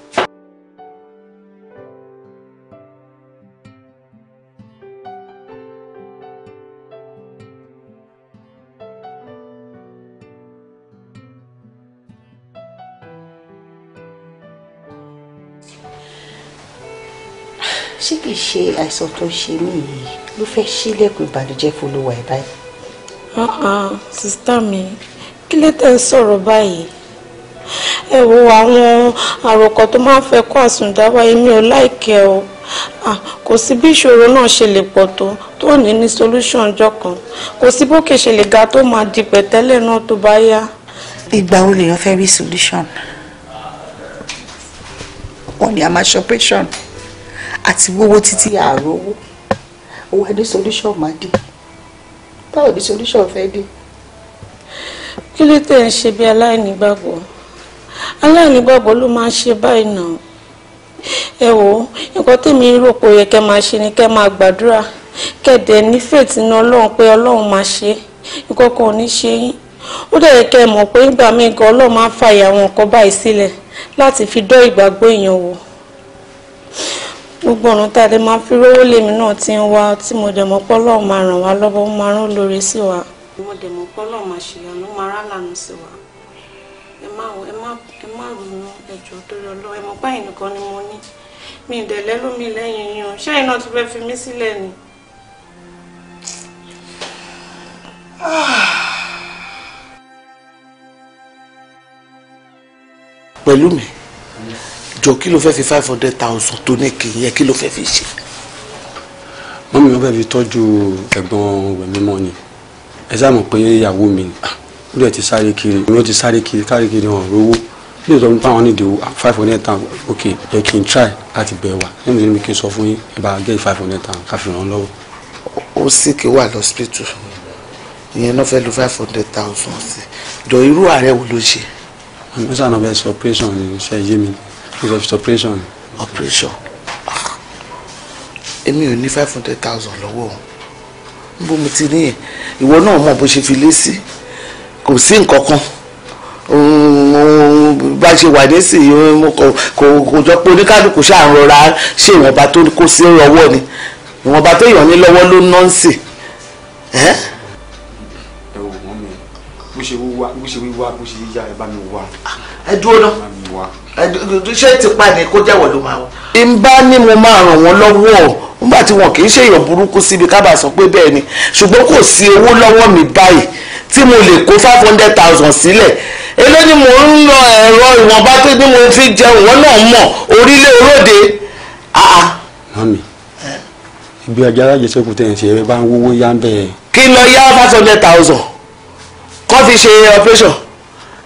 ṣé kìí ṣe àìsàn tó ń ṣe mí yìí ló fẹ́ ṣílẹ̀kùn ìbànújẹ́ folówà ẹ̀ báyìí. Ah, ah, sista mi kí ló tẹ̀ ń sọ̀rọ̀ báyìí ẹ wo àwọn àròkọ tó máa ń fẹ́ kó àsùndáwá èmi ò láìkẹ́ o ah, kò sí bí ìṣòro náà ṣe lè pọ̀ tó tó ní ní solution ọjọ́ kan kò sí bókè ṣe lè ga tó máa di pẹ̀tẹ́lẹ̀ náà tó bá yá. ìgbà wo lèèyàn fẹ́ rí solution wọ́n ní a máa àti wówó títí àròwó òun ẹni solution máa dé báwo ni solution fẹ́ dé. kí ló tẹ̀ ń ṣe bí aláìnígbàgbọ́ aláìnígbàgbọ́ ló máa ń ṣe báyìí náà ẹ wò ó nǹkan tèmi rò pé ó yẹ kẹ́ máa ṣe ni kẹ́ máa gbàdúrà kẹ̀dẹ̀ ní faith ní ọlọ́run pé ọlọ́run máa ṣe nǹkan kan ò ní ṣe yín ó dẹ̀ yẹ kẹ́ mọ̀ pé nígbà míì gan ọlọ́run máa ń fàyè àwọn nǹkan báyìí sílẹ̀ láti fi dọ́ ìgbàgbọ́ èèyàn wò gbogbo ọ̀nà tá a lè máa fi rówó lèmi náà ti ń wá tí mo dẹ̀ mọ́ pọ́lọ́ máa ràn wá lọ́wọ́ ó máa rán lóore sí wa. mo dẹ̀ mọ́ pọ́lọ́ máa ṣèyànú máa rá lànà sí wa ẹ má ẹ má ẹ má ronú ẹjọ́ torí ọlọ́wọ́ ẹ mọ̀ báyìí nìkan ni mo ní mi ì dẹ̀lẹ́ lómi lẹ́yìn yín o ṣẹ́yìn náà ti fẹ́ fi mí sílẹ̀ ni. Pẹ̀lúmi jọ kí ló fẹ́ fi five hundred thousand tó ní kì í yẹ kí ló fẹ́ fi ṣe. mọ́mí wọn fẹ́ẹ́ fi tọ́jú ẹ̀gbọ́n rẹ̀ mímọ́ ni ẹ sáà mọ̀ pé ìyàwó mi ni ah, ó dẹ̀ ti sáré kiri mi ó ti sáré kiri kárí kiri hàn rówó bí ìtọ́jú táwọn nídìí five hundred thousand ok yẹ kí n try láti bẹ̀ wá ẹ̀ mi ni kí n sọ fún yín ẹ bá gẹ́ five hundred thousand ká fi ràn án lọ́wọ́. ó sì kí wà lọ́sípítù ìyẹn náà fẹ́ lo five hundred thousand sí jọ irú ààrẹ wo ló ṣe. àmì sànà bẹ́ẹ̀ sọ pé ní iṣẹ́ yé mi because it's operation. operation ah. èmi ò ní five hundred thousand lọ́wọ́ o bó mo ti níyẹn ìwọ náà mọ̀ bó ṣe fi lé sí kò sí nǹkan kan bá ṣe wà nísìnyí kò jọ pé oníkálukú ṣáà ń rọra ṣe ìwọ̀nba tó kó sí ọwọ́ ni ìwọ̀nba tó yàn ní lọ́wọ́ ló ń nọ́ǹsì ẹ́. Eh? bó ṣe wíwá bó ṣe wíwá bó ṣe yíyá ẹ bá mi wá. ẹ dúró náà ṣé tipa ni kó jẹ́wọ́ ló máa wọ. n bá ní mo máa ràn wọ́n lọ́wọ́ nígbà tí wọn kì í ṣe èèyàn burúkú síbi kábàá sọ pé bẹ́ẹ̀ ni ṣùgbọ́n kò sí owó lọ́wọ́ mi báyìí tí mo lè kó five hundred thousand sílẹ̀ eléyìí mo ń lọ ẹ̀rọ ìwọ̀nba pé bí mo fi jẹun wọn náà mọ̀ orílẹ̀ olóde. Ah, ah. mami ìgbé alájẹsẹ́kù tẹ̀ ṣe ẹ bá ń wówó yá ń bẹ̀. kí lọ yá five hundred thousand kọ́ fi ṣe operation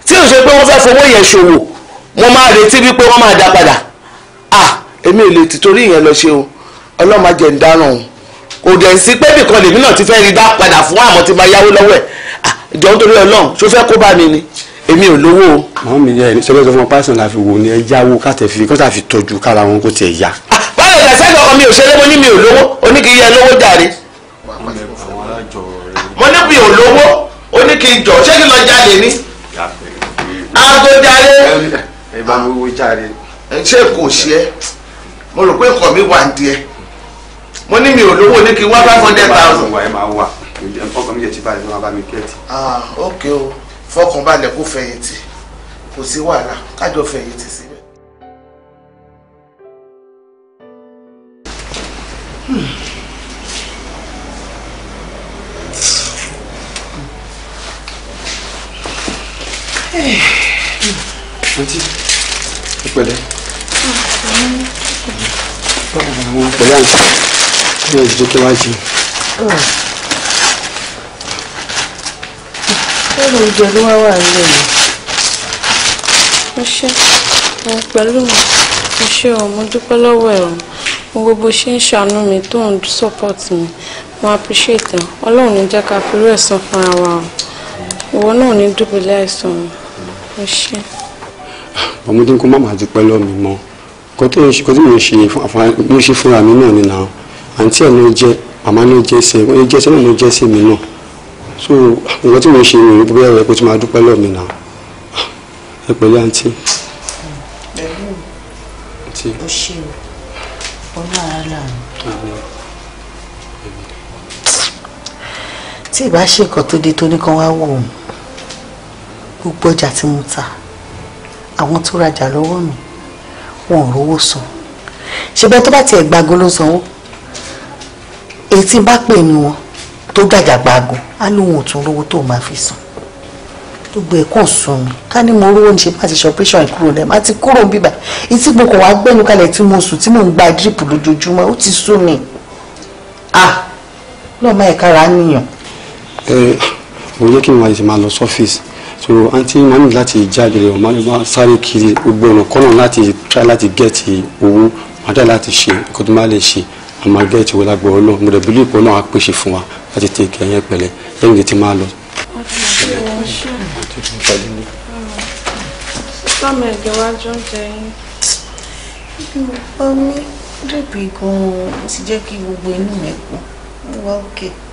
tí ò ṣe pé wọ́n fẹ́ fowó yẹn ṣòwò wọ́n máa retí wípé wọ́n máa dá padà ah èmi ò lè tìtorí ìyẹn lọ ṣe o ọlọ́mà jẹ̀ ń dáràn o kò dẹ̀ sí pé nìkan lèmi náà ti fẹ́ rí dá padà fún àwọn tí máa yáwó lọ́wọ́ ẹ̀ ah ìjọ nítorí ọlọ́run ṣó fẹ́ kó bá mi ni èmi ò lówó o. màmá mi yẹ ṣẹlẹ sọ fún ọ pásítọ̀ la fi wò ni ẹ yáwó ká tẹ fi kó tà fi tọ́jú kára wọn kó tiẹ̀ yá. báyọ̀ ìdásẹ́ ọkọ mi ò ṣe lówó ní mi ò lówó oníkìyẹ lówó jàre mo ní mi ò ní kí n jọ ṣé kí n lọ jalè ni. aago jalè. ẹ bá mi wo jalè. ṣé kò ṣe é mo rò pé nǹkan mi wà ń di ẹ mo ní mi ò lówó ní kí n wá five hundred thousand. ẹ máa wà ọkọ mi yẹ ti báyìí ló máa bá mi kẹ́ẹ̀tì. ah ok o fọkànbalẹ̀ kó fẹ̀yìntì kò sí wàhálà kájọ fẹ̀yìntì sí. pẹ̀lẹ́. báwo ni àwọn pẹ̀lẹ́ àǹtí ní ẹ̀jú tó wá jẹun. ẹ̀rù ìjọ ló wá wà nílẹ̀ yìí. mo ṣe mo pẹ̀lú mi mo ṣe ọ̀ mo dúpẹ́ lọ́wọ́ ẹ̀rọ mo gbogbo ṣe ń ṣàánú mi tó ń support mi mo appreciate ẹ ọlọ́run ní jẹ́ ká fi irú ẹ̀san fúnra wa o ìwọ náà ní dùbúlẹ̀ àìsàn o ṣe ọmọdé kó má bàa dúpẹ́ lọ́mí mọ́ kó tó mò ń ṣe mo ṣe fúnra mi náà nìyà àǹtí ẹ̀ ló jẹ́ màmá ló jẹ́ sí ẹ̀ jẹ́ sí ẹ̀ jẹ́ sí mi náà so nǹkan tí mo ṣe rèé bóyá ẹ̀ kó tó máa dúpẹ́ lọ́mí náà ẹ pẹ̀lú àǹtí. ó ṣe ọlọ́run tí ìbá ṣe nǹkan tó dé tó kan wá wò ó gbogbo ọjà tí mo ta àwọn tó rajà lọ́wọ́ mi wọn ò rówó san ṣebẹ́ tó bá tiẹ̀ gbago ló sanwó èyí tí bá pè ní wọn tó gàjà gbago á lóun ò tún rówó tó máa fi san gbogbo ẹ̀ kàn sún mi ká ní mo rówó níṣe láti ṣe operation ìkúrò lẹ́ẹ̀ má ti kúrò bíbà etí gbogbo wàá gbẹ́nu kalẹ̀ tí mo sùn tí mò ń gba drip lójoojúmọ́ ó ti sún mi ah lọ́ọ́ máa ẹ̀ka ra níyàn. ẹ ò yẹ kí n wáyé ti máa lọ sọ́fíìsì so àǹtí máa ní láti jáde rẹ̀ máa ní wọ́n sáré kiri gbogbo ọ̀nà kọ́nà láti try láti gẹ̀ẹ́tì owó máa dá láti ṣe kó tó máa lè ṣe àmọ́ gẹ̀ẹ́tì owó lágbo ọlọ́run mo dẹ̀ bí lóòpọ̀ náà fún wa láti tẹ ìkẹ́ pẹ̀lẹ́ lẹ́yìn tí máa lọ. sọ́mọ ẹ̀gẹ́ wá jọ jẹ yín. omi dèbè gan-an ti jẹ́ kí gbogbo inú mi kú wọ́n kéèké.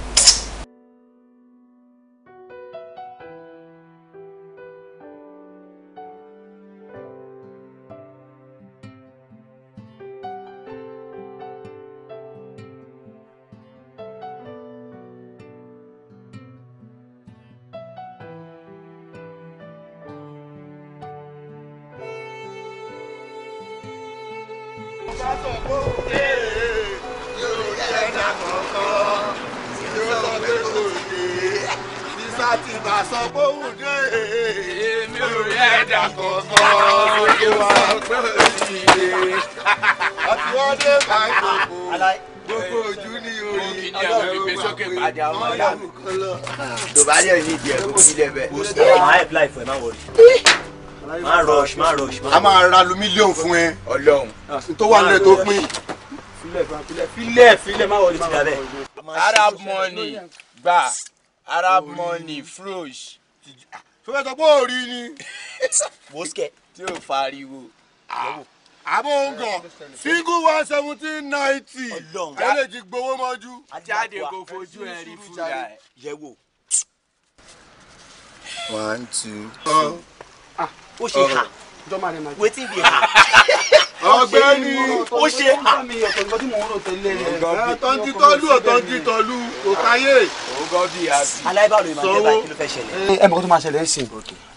àkọ́kọ́ tó bá yẹ ní ìdí ẹ̀kọ́ sílẹ̀ bẹ́ẹ̀. máa ẹ̀ má rush má rush. a máa ra lu mílíọ̀nù fún ẹ ọlọ́run tó wà nílẹ̀ tó pín. filẹ̀ filẹ̀ má wọlé ti dàbẹ̀. Arab money gbà Arab money frosh tó sọ pé ò ni. bóskẹ́ tí ò fariwo. Ah. àbóǹgọ̀ single one seventeen ninety ẹlẹ́ ti gbowó mọ́jú. jáde kò fojú ẹ rí fúra ẹ. yẹ̀wò. one two. Ah, ó ṣe ha wetin be ha. ọ̀gbẹ́ni. ó ṣe àtọ́ntí eh, tọ́lú ọ̀tọ́ntí tọ́lú òkáyé. aláìbáwò eh, ẹ mọ̀ kó tó máa ṣẹlẹ̀ ẹ̀ sìn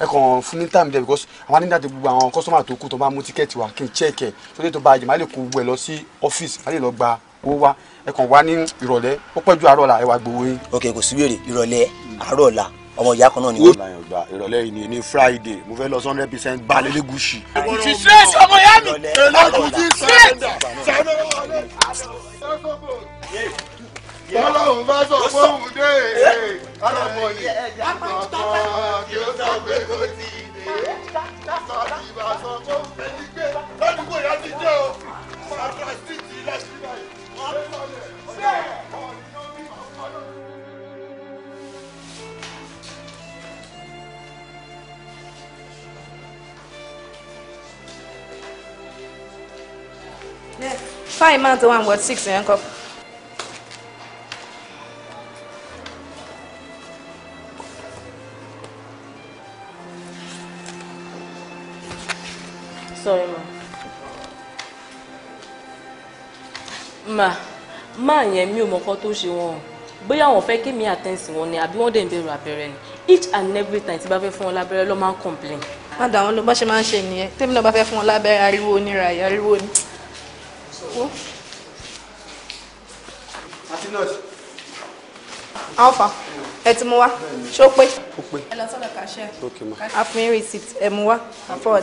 ẹ kàn fún ní time there because àwọn anídàá ti gbogbo àwọn kọ́sọ́mà tó kù tó bá mú tíkẹ́ẹ̀tì wá kí n check tó dé tó bá jẹ̀ máa lè kó gbogbo ẹ̀ lọ sí ọ́fíìsì máa lè lọ gba owó wá ẹ kàn wá ní ìrọ̀lẹ́ ó pẹ́ ju àárọ̀ la ẹ wá gbowó yín. ok kò sí wèrè ìrọ̀lẹ́ àárọ̀ la ọmọ ìyá kan náà ni wọ́n. ìrọ̀lẹ́ yìí ni friday mo fẹ́ lọ hundred percent gba lélẹ́gùsì. ti stress ọmọ ìyá mi èlòkù ti stress. Bọ́lọ́hùn bá sọ fún òun dé èyí àràmọ̀ yìí. Àpapọ̀ kí ó sọ pé kò tí ì dé. Sọ́ọ̀tì bá sọ fún òun dé ní pé lọ́dún kò yá ti jẹ́ o. five months, one but six yẹn kọ. sorry ma ma máa yẹn mi ò mọ̀kọ́ tó ṣe wọn o bóyá wọn fẹ́ kí mi àtẹ́ǹsì wọn ni àbí wọ́n each and every time tí bá fẹ́ fún wọn lábẹ́rẹ́ ló máa ń complain. má dà wọn ló bá ṣe máa ń ṣe nìyẹn tèmi náà bá fẹ́ fún wọn lábẹ́rẹ́ ariwo oníràyè wo. alpha ẹ ti mú wá ṣé ó pé. ó pé ẹ lọ sọ́dọ̀ cashier. ok ma. a fún yín receipt ẹ mú wá a fọwọ́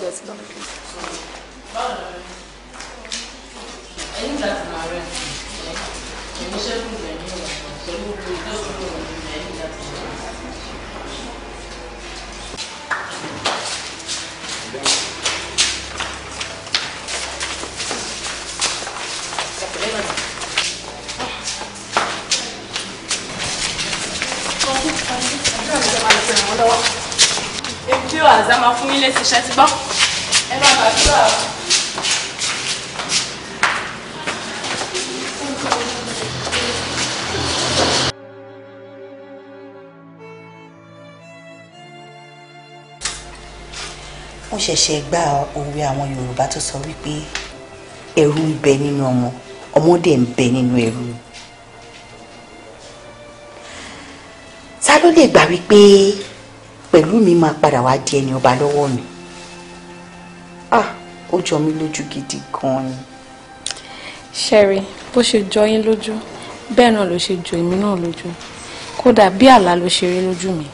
wọn lọ́wọ́. ebi ò àzá máa fún ilé ṣiṣẹ́ ti gbọ́. ẹ máa gbàdúrà. mo ṣẹ̀ṣẹ̀ gba òwe àwọn Yorùbá tó sọ wípé ẹrú ń bẹ nínú ọmọ ọmọdé ń bẹ nínú ẹrú. ta ló lè gbà wípé pẹ̀lú mi máa padà wá di ẹni ọba lọ́wọ́ mi ah ó jọ mí lójú gidi gan ni. Sherry bó ṣe jọ yín lójú bẹ́ẹ̀ náà ló ṣe jọ èmi náà lójú kódà bí àlá ló ṣe rí lójú mi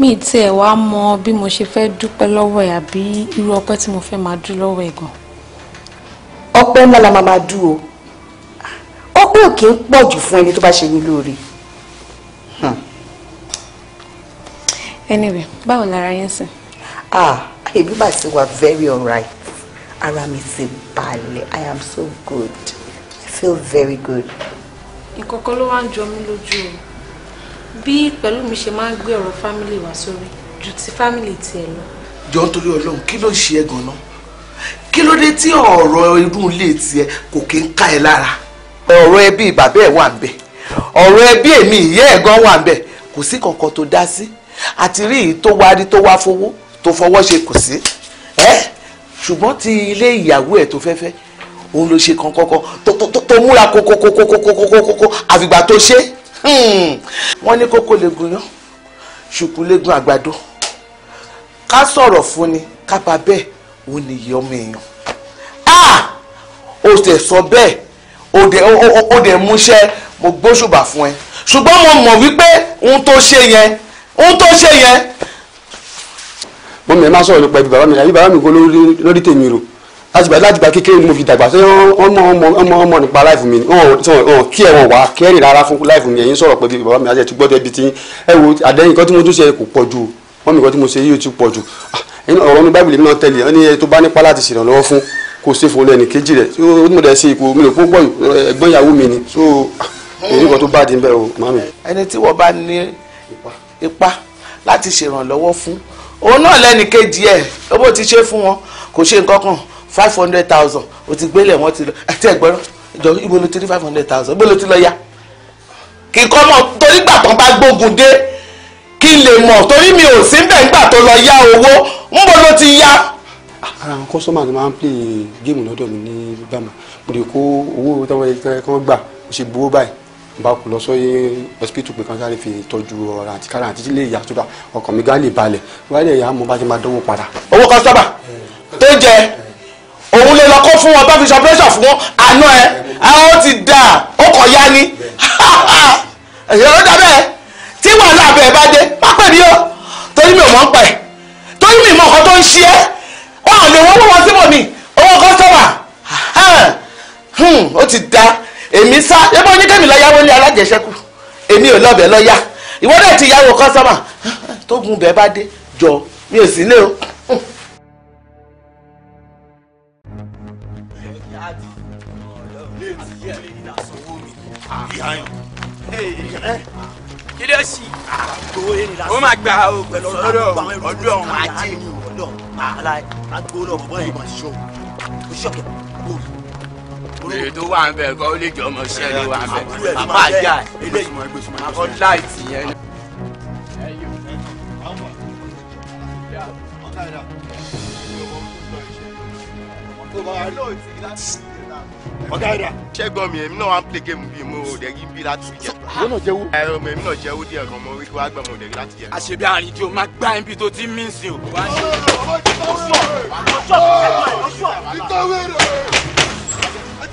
mi tí ẹ wá mọ bí mo ṣe fẹ́ dúpẹ́ lọ́wọ́ ẹ̀ àbí irú ọpẹ́ tí mo fẹ́ máa dú lọ́wọ́ ẹ̀ gan. ọpẹ́ ńlá la máa máa dú o ah, ọpẹ́ ò kì í pọ̀ jù fún ẹni tó bá ṣe ní lóore. anyway báwo lára yín sìn. ah èmi máa ti wà very alright ara mi ti balẹ̀ i am so good i feel very good. ìkọ̀kọ̀ ló wá ń jọ mí lójú o bí pẹ̀lú mi ṣe máa ń gbé ọ̀rọ̀ fámìlì wá sórí ju ti fámìlì tiẹ̀ lọ. jọ nítorí Ọlọ́run kí ló ń ṣe ẹ́ ganan kí ló dé tí ọ̀rọ̀ irú ilé tiẹ̀ kò kí ń ká ẹ lára. ọ̀rọ̀ ẹbí bàbá ẹ̀ wà ń bẹ̀ ọ̀rọ̀ ẹbí èmi ìyá ẹ̀ gan wà ń bẹ̀ kò sí kankan tó dá sí àti rí èyí tó wá rí tó wá fowó tó fọwọ́ ṣe kò sí ẹ́ ṣùgbọ́n ti ilé ìyàwó ẹ̀ tó fẹ́fẹ́ òun ló ṣe kan kọ́kọ́ tó múra kókókókókókókókó àfìgbà tó ṣe hmm. wọ́n ní kókó lè gun yán ṣùkú lè gun àgbàdo ká sọ̀rọ̀ fún ni ká bá bẹ́ẹ̀ òun nìyí ọmọ èèyàn ó tẹ̀ sọ bẹ́ẹ̀ ó dẹ̀ múṣẹ́ mo gbóṣùbà fún ẹ ṣùgbọ́n mo mọ̀ wípé ohun tó ṣe yẹn ohun tó ṣe yẹn. mọ́mí ẹ máa sọ̀rọ̀ nípa ibi bàbá mi àbí bàbá mi kò lórí tèmi rò láti gbà láti gbà kékeré ni mo fi dàgbà sẹ́yìn ọmọ ọmọ ọmọ ọmọ nípa láìfù mi ọ̀hún kí ẹ̀wọ̀n wá kẹ́rì rárá fún láìfù mi ẹ̀yin sọ̀rọ̀ pẹ̀lú bàbá mi àti ẹ̀tú gbọ́dọ̀ ibi tí ẹ wo àdéhìn kan tí mo tún ṣe kò pọ̀ ju wọ́n mi kan tí mo ṣe yìí ó ti pọ̀ ju ah, ọ̀rọ̀ mi bábìlì mi náà tẹ̀lé ẹni tó bá nípa láti ṣèrànlọ́wọ́ fún kò ṣe fún ẹnì kejì rẹ̀ ó mọ̀ dẹ̀ ṣe ipò mi ò pọ̀ ẹ̀gbọ́n ìyàwó mi ni so èyí ah, kan tó bá dín bẹ́ẹ̀ o màmí. ẹni tí wọ́n bá ní ipá láti ṣèrànlọ́wọ́ fún òun náà lẹ́ni kejì ẹ̀ owó ti ṣe fún wọn kò ṣe nǹkan five hundred thousand o ti gbélé wọn ti lọ àti ẹgbẹ̀rún ìjọ ibo ló ti rí five hundred thousand ibo ló ti lọ ya kì í kọ́ mọ̀ torí gbà tán bá gbógun dé kí n lè mọ̀ torí mi ò sí bẹ́ẹ̀ nígbà tó lọ ya owó ńbo ló ti ya. ara àwọn kọ́sọ́mà ni máa ń pè géèmù lọ́dọ̀ mi ní bàmà mo lè kó owó tí wọ́n gbà mo ṣe gbowó báyìí n bá kú lọ sóyè hospital pé kan sáré fi tọ́jú ọ̀rọ̀ àti kára àti ilé ìyá tó dà ọkàn mi gán lè balẹ̀ wáyé ìyá mo bá ti máa dánwò padà. owó kan sábà tó jẹ òun lè lọ kó fún wọn bá fi ṣàpẹ́ṣà fún wọn àná ẹ àwọn ti dà ó kọ̀ ya ni ẹ̀yìn ló dà bẹ́ẹ̀ tí wàhálà bẹ́ẹ̀ bá dé má pè mí o torí mi ò mọ̀ ń pẹ̀ torí mi mọ̀ ọ̀kan tó ń ṣe é wọn lè wọ́n wọ́n síbò mi owó kan sábà hmm, ó ti dà èmi sá yẹ́n bọ́ oníkẹ́mi lọ yáwó ní alájẹsẹ́kù èmi ò lọ́bẹ̀ lọ yá ìwọ náà ti yáwó kọ́sọ́mà tó gun bẹ́ẹ̀ bá dé jọ mi ò sí lé o. kí ló sì ó máa gba pẹ̀lú ọdún ọdún ọ̀hún ajé ni ọdún ọ̀hún àgbò lọ́wọ́ bọ́ọ̀lù ìmọ̀ ṣọ́ọ̀ ó ṣọ́ọ̀kẹ́ bọ́ọ̀lù wèrè tó wà ń bẹ̀ kọ́ ó lè jọ ọmọ iṣẹ́ ló wà ń bẹ̀ bàbá àjà àkọ́ láìsí yẹn. ọ̀gá ẹ̀dá. ṣẹ́gbọ́n mi èmi náà wá ń play game bíi mo ò dẹ́gi bí láti jẹ. ìwọ náà jẹ́wọ́. ẹ ọmọ èmi náà jẹ́wọ́ díẹ̀ kan mo rí kí wàá gbọ́n mo dẹ́gi láti jẹ. àṣebí àrìn o máa gbá ẹbí tó ti mí sí o. wàá ṣe é. ọ̀ṣọ́ ọ̀ṣọ́ ìtọ́wé rẹ̀.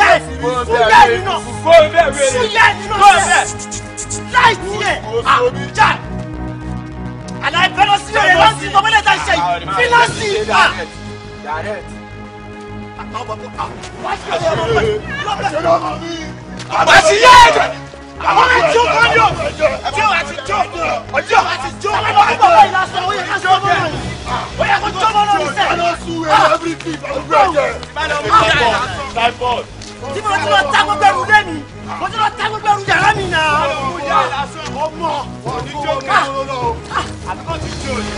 súyà ẹ̀ súyà ẹ̀ nínú súyà láì tiẹ̀ ah, àjà àlàyé fẹ́lọ́ sí ọ̀rẹ́ lọ́sí tọ́mọ́lẹ́ ta ṣe yìí fílọ́sì ìfà. Àbàṣìyá ẹ̀jọ̀ àwọn àti ọkọ ọjọ́ tí àti jọ ọjọ́ àti jọ ọmọ ọmọ ọmọ ìlà sọ ó yẹ ká sọ ọmọ náà yìí ó yẹ kó jọ ọmọ náà yìí sẹ́ẹ̀ tí mo ti lọ ta gbogbo ẹrù lé mi mo ti lọ ta gbogbo ẹrù yàrá mi nà. ọmọ oníjó kẹrin lọ o àbí kò ti jó ni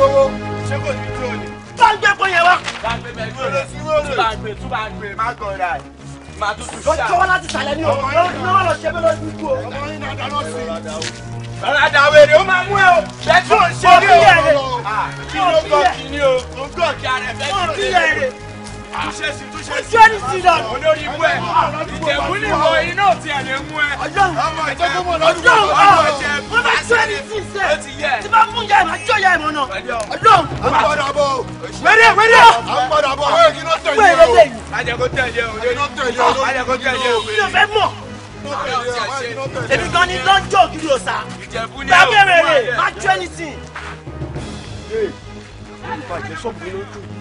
owó ṣé kò ti jó ni. bá ń gbé kó yẹ wa. bá ń gbé mẹ́rin ló ti wọ́n rè. bá ń gbé tó bá ń gbé má gàn ra ẹ̀ máa tó tún ṣá. lọ́jọ́ láti sàlẹ̀ ni o lọ́wọ́ lọ ṣe bẹ́ẹ̀ lọ́dún kú o. ọmọ yín náà dáná sí mú ẹ o bẹ́ẹ̀ tó ń ṣe ní o kí ló gbọ́ kí ni o tó ń gbọ́ kí ara ẹ fẹ́ kí ló dé ojú ẹni ti dà olórí ibú ẹ ah, ìjẹ̀bú ni mo iná ti ẹ̀ mú ẹ ọjọ́ ọjọ́ ah, wọn bá tún ẹni tì sẹ́ tí bá mú ya ẹ̀ máa jọ ya ẹ̀ mọ̀ náà ọjọ́ wẹ́rẹ́ wẹ́rẹ́ wẹ́rẹ́ lẹ́yìn. ajẹ́kọ̀ tẹ̀lé o ajẹ́kọ̀ tẹ̀lé o mi ò fẹ́ mọ̀ èmi gan ni lọ́jọ́ ògiri ọ̀sà bá bẹ̀rẹ̀ rẹ̀ má tún ẹni tì. ìfàjẹsọ́gbìn lójú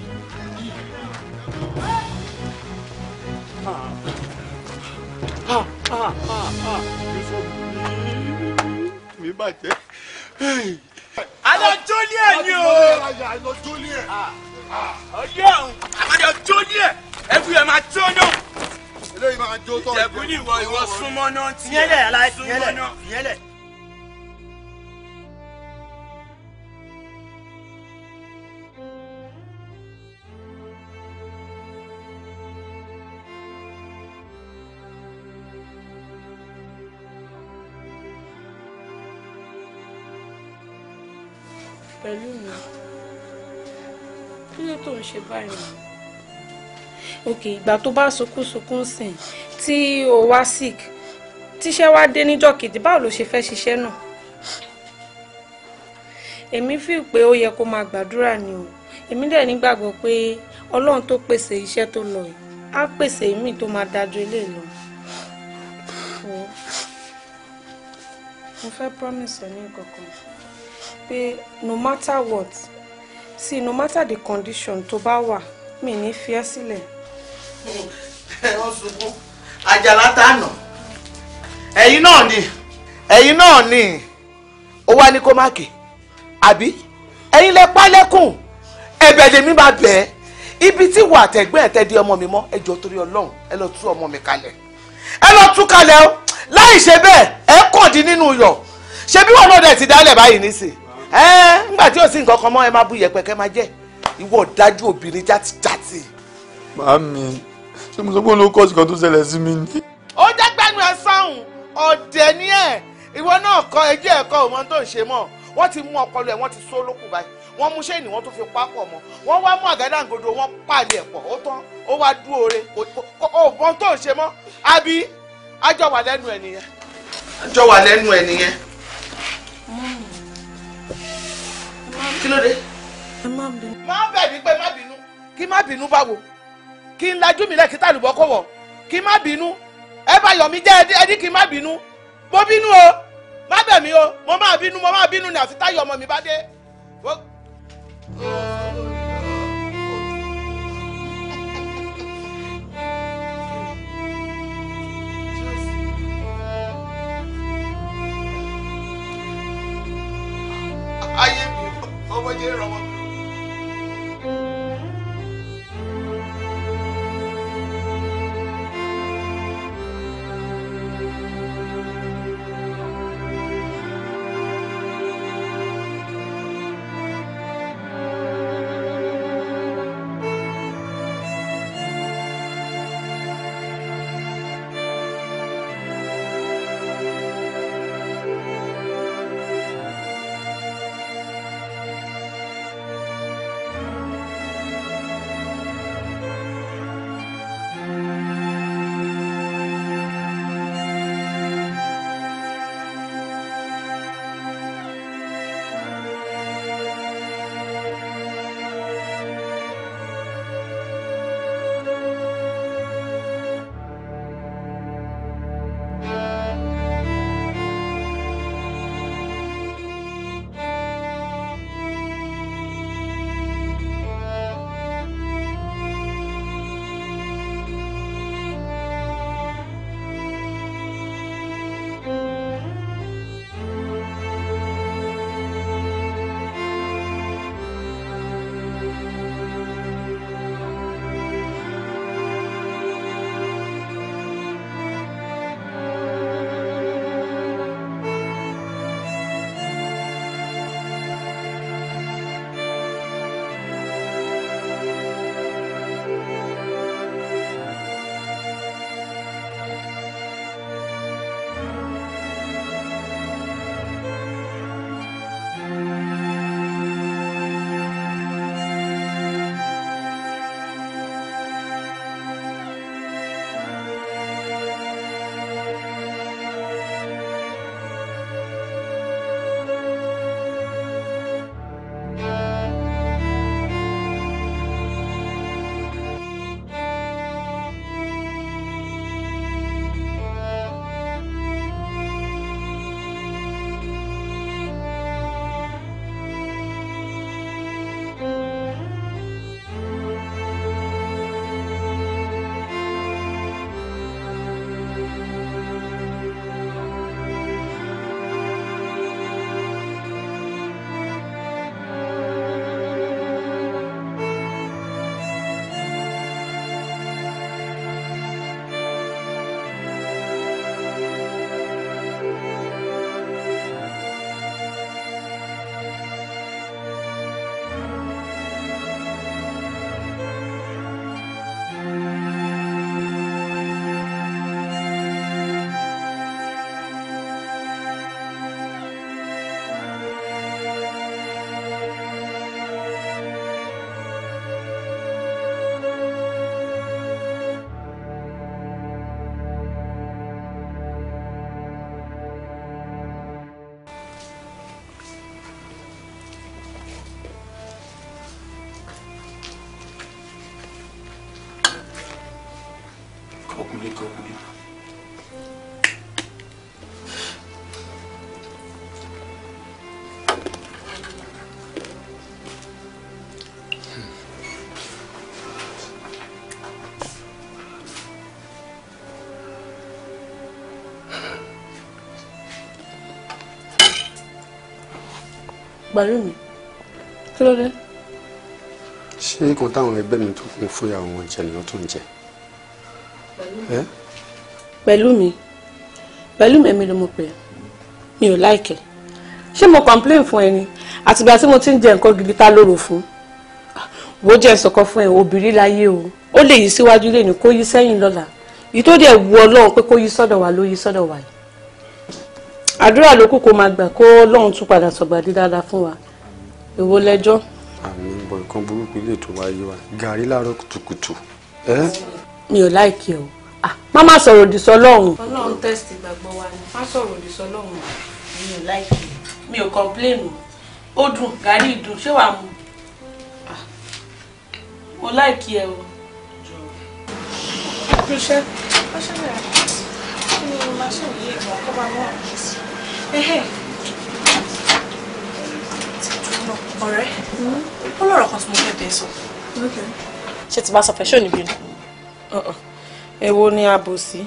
mi bàjẹ́. àlọ́ jólí ẹ̀ ni o. àlọ́ jólí ẹ̀. ọyẹ ọ̀hún àlọ́ jólí ẹ̀ ẹ̀fù yẹn máa tó náà. eléyìí máa jó tọ́ ìjẹ̀bú ni ìwọ ìwọ súnmọ́ náà tiẹ̀. tiẹ̀ lẹ̀ aláìsúnmọ́ náà. tiẹ̀ lẹ̀. pẹ̀lú mi kí ló tó ń ṣe báyìí òkè ìgbà tó bá sunkúnsunkún sìn tí o wá sick tíṣẹ́ wá dé níjọ́ kejì báwo ló ṣe fẹ́ ṣiṣẹ́ náà èmi fi pé ó yẹ kó máa gbàdúrà ni o èmi dẹ̀ nígbàgbọ́ pé ọlọ́run tó pèsè iṣẹ́ tó lọ á pèsè ìmí tó máa dájú ilé lọ. mo fẹ́ promise ẹ ní nǹkan pé no matter what see, no matter the condition tó bá wà mi ní fi ẹ́ sílẹ̀. ẹ̀rọ ṣubú àjàlá tànà ẹ̀yin náà ni ẹ̀yin náà ni ó wá ní kó má ké àbí ẹ̀yin lẹ pa lẹ́kùn ẹ̀bẹ̀ lèmi bá bẹ̀ ẹ́ ibi tí wà àtẹ̀gbẹ́ ẹ̀ tẹ́ di ọmọ mi mọ́ ẹ jọ̀ọ́ torí ọlọ́run ẹ lọ tú ọmọ mi kalẹ̀ ẹ lọ tú kalẹ̀ o láì ṣe bẹ́ẹ̀ ẹ kàn dín nínú yọ̀ ṣebí wọn náà dẹ̀ ti dálẹ̀ báyìí nísìnyí ẹ ńgbà tí ò sí nǹkan kan mọ́ ẹ máa bu yẹ̀pẹ̀ kẹ́ máa jẹ́ ìwọ dájú obìnrin játijàti. màámi ṣé mo sọ pé olóko ọ̀sìn kan tó ṣẹlẹ̀ sí mi ni. ó dágbẹ́nu ẹ sọ́hùn ọ̀dẹ̀ ni ẹ̀ ìwọ náà kọ ẹjẹ́ ẹ̀kọ́ ò tó ń ṣe mọ́ wọ́n ti mú ọpọlọ ẹ̀ wọ́n ti sọ lókùn báyìí wọ́n mú ṣéènì wọ́n tó fi pápọ̀ mọ́ wọ́n wá mú àgádágodo wọ́n pàlẹ̀ pọ̀ ó tán ó wá dúore ó mọ tó ń ṣe mọ́ àbí àjọwà lẹ́nu ẹ̀ nìyẹn. àjọwà lẹ́nu ẹ̀ nìyẹn. kí ló dé. má bẹ̀ mí pé má bínú kí má bínú báwo kí n lajú mi lẹ́ kí tàlùbọ́ kò wọ̀ kí má bínú ẹ bá yọ̀ mí jẹ́ ẹdí kí má bínú mo bínú o má bẹ̀ o mo máa bínú mo máa bínú ni àfi táyọ̀ ọmọ mi bá dé. ayé 我直接着我。pẹ̀lú mi kí ló dé. ṣé nǹkan táwọn ẹgbẹ́ mi tó kún fúyàwó wọn jẹ nìyẹn tó ń jẹ. pẹ̀lú mi pẹ̀lú mi èmi ló mo pè é mi ò láìkẹ́ ṣé mo complain fún ẹni àtìgbà tí mo ti ń jẹ nǹkan gidi ta lóru fún wo jẹ́ ìsọ̀kan fún ẹ obìnrin láyé o ó lè yí síwájú lẹ́nu kó yí sẹ́yìn lọ́la ìtòdì ẹ̀ wù ọlọ́run pé kó yí sọ́dọ̀ wa ló yí sọ́dọ̀ wa yìí àdúrà ló kù kó máa gbà kó lọ́run tún padà sọ̀gbà dídáadáa fún wa èwo lẹ́jọ́. àmì ìbọn nǹkan burúkú ilé tó wáyé wa gàrí láàárọ̀ kùtùkùtù. mi ò láìkí o má má sọ̀rọ̀ òdì sọ lọ́hùn. ọlọ́run test ìgbàgbọ́ wa ni má sọ̀rọ̀ òdì sọ lọ́hùn mi ò láìkí mi ò kọ́ńpléènù ó dùn gàrí ìdùn ṣé wàá mu mo láìkí ẹ o. Rúṣẹ́, ó ṣẹlẹ̀ kí ni màṣẹ́ yìí ìwà kó máa mọ́ àkíyèsí ọ̀rẹ́ ó lọ́rọ̀ kan tí mo fẹ́ bẹ́ẹ̀ sọ. ṣé ti bá sọ fẹ́ ṣó níbí ni. èwo ni àbòsí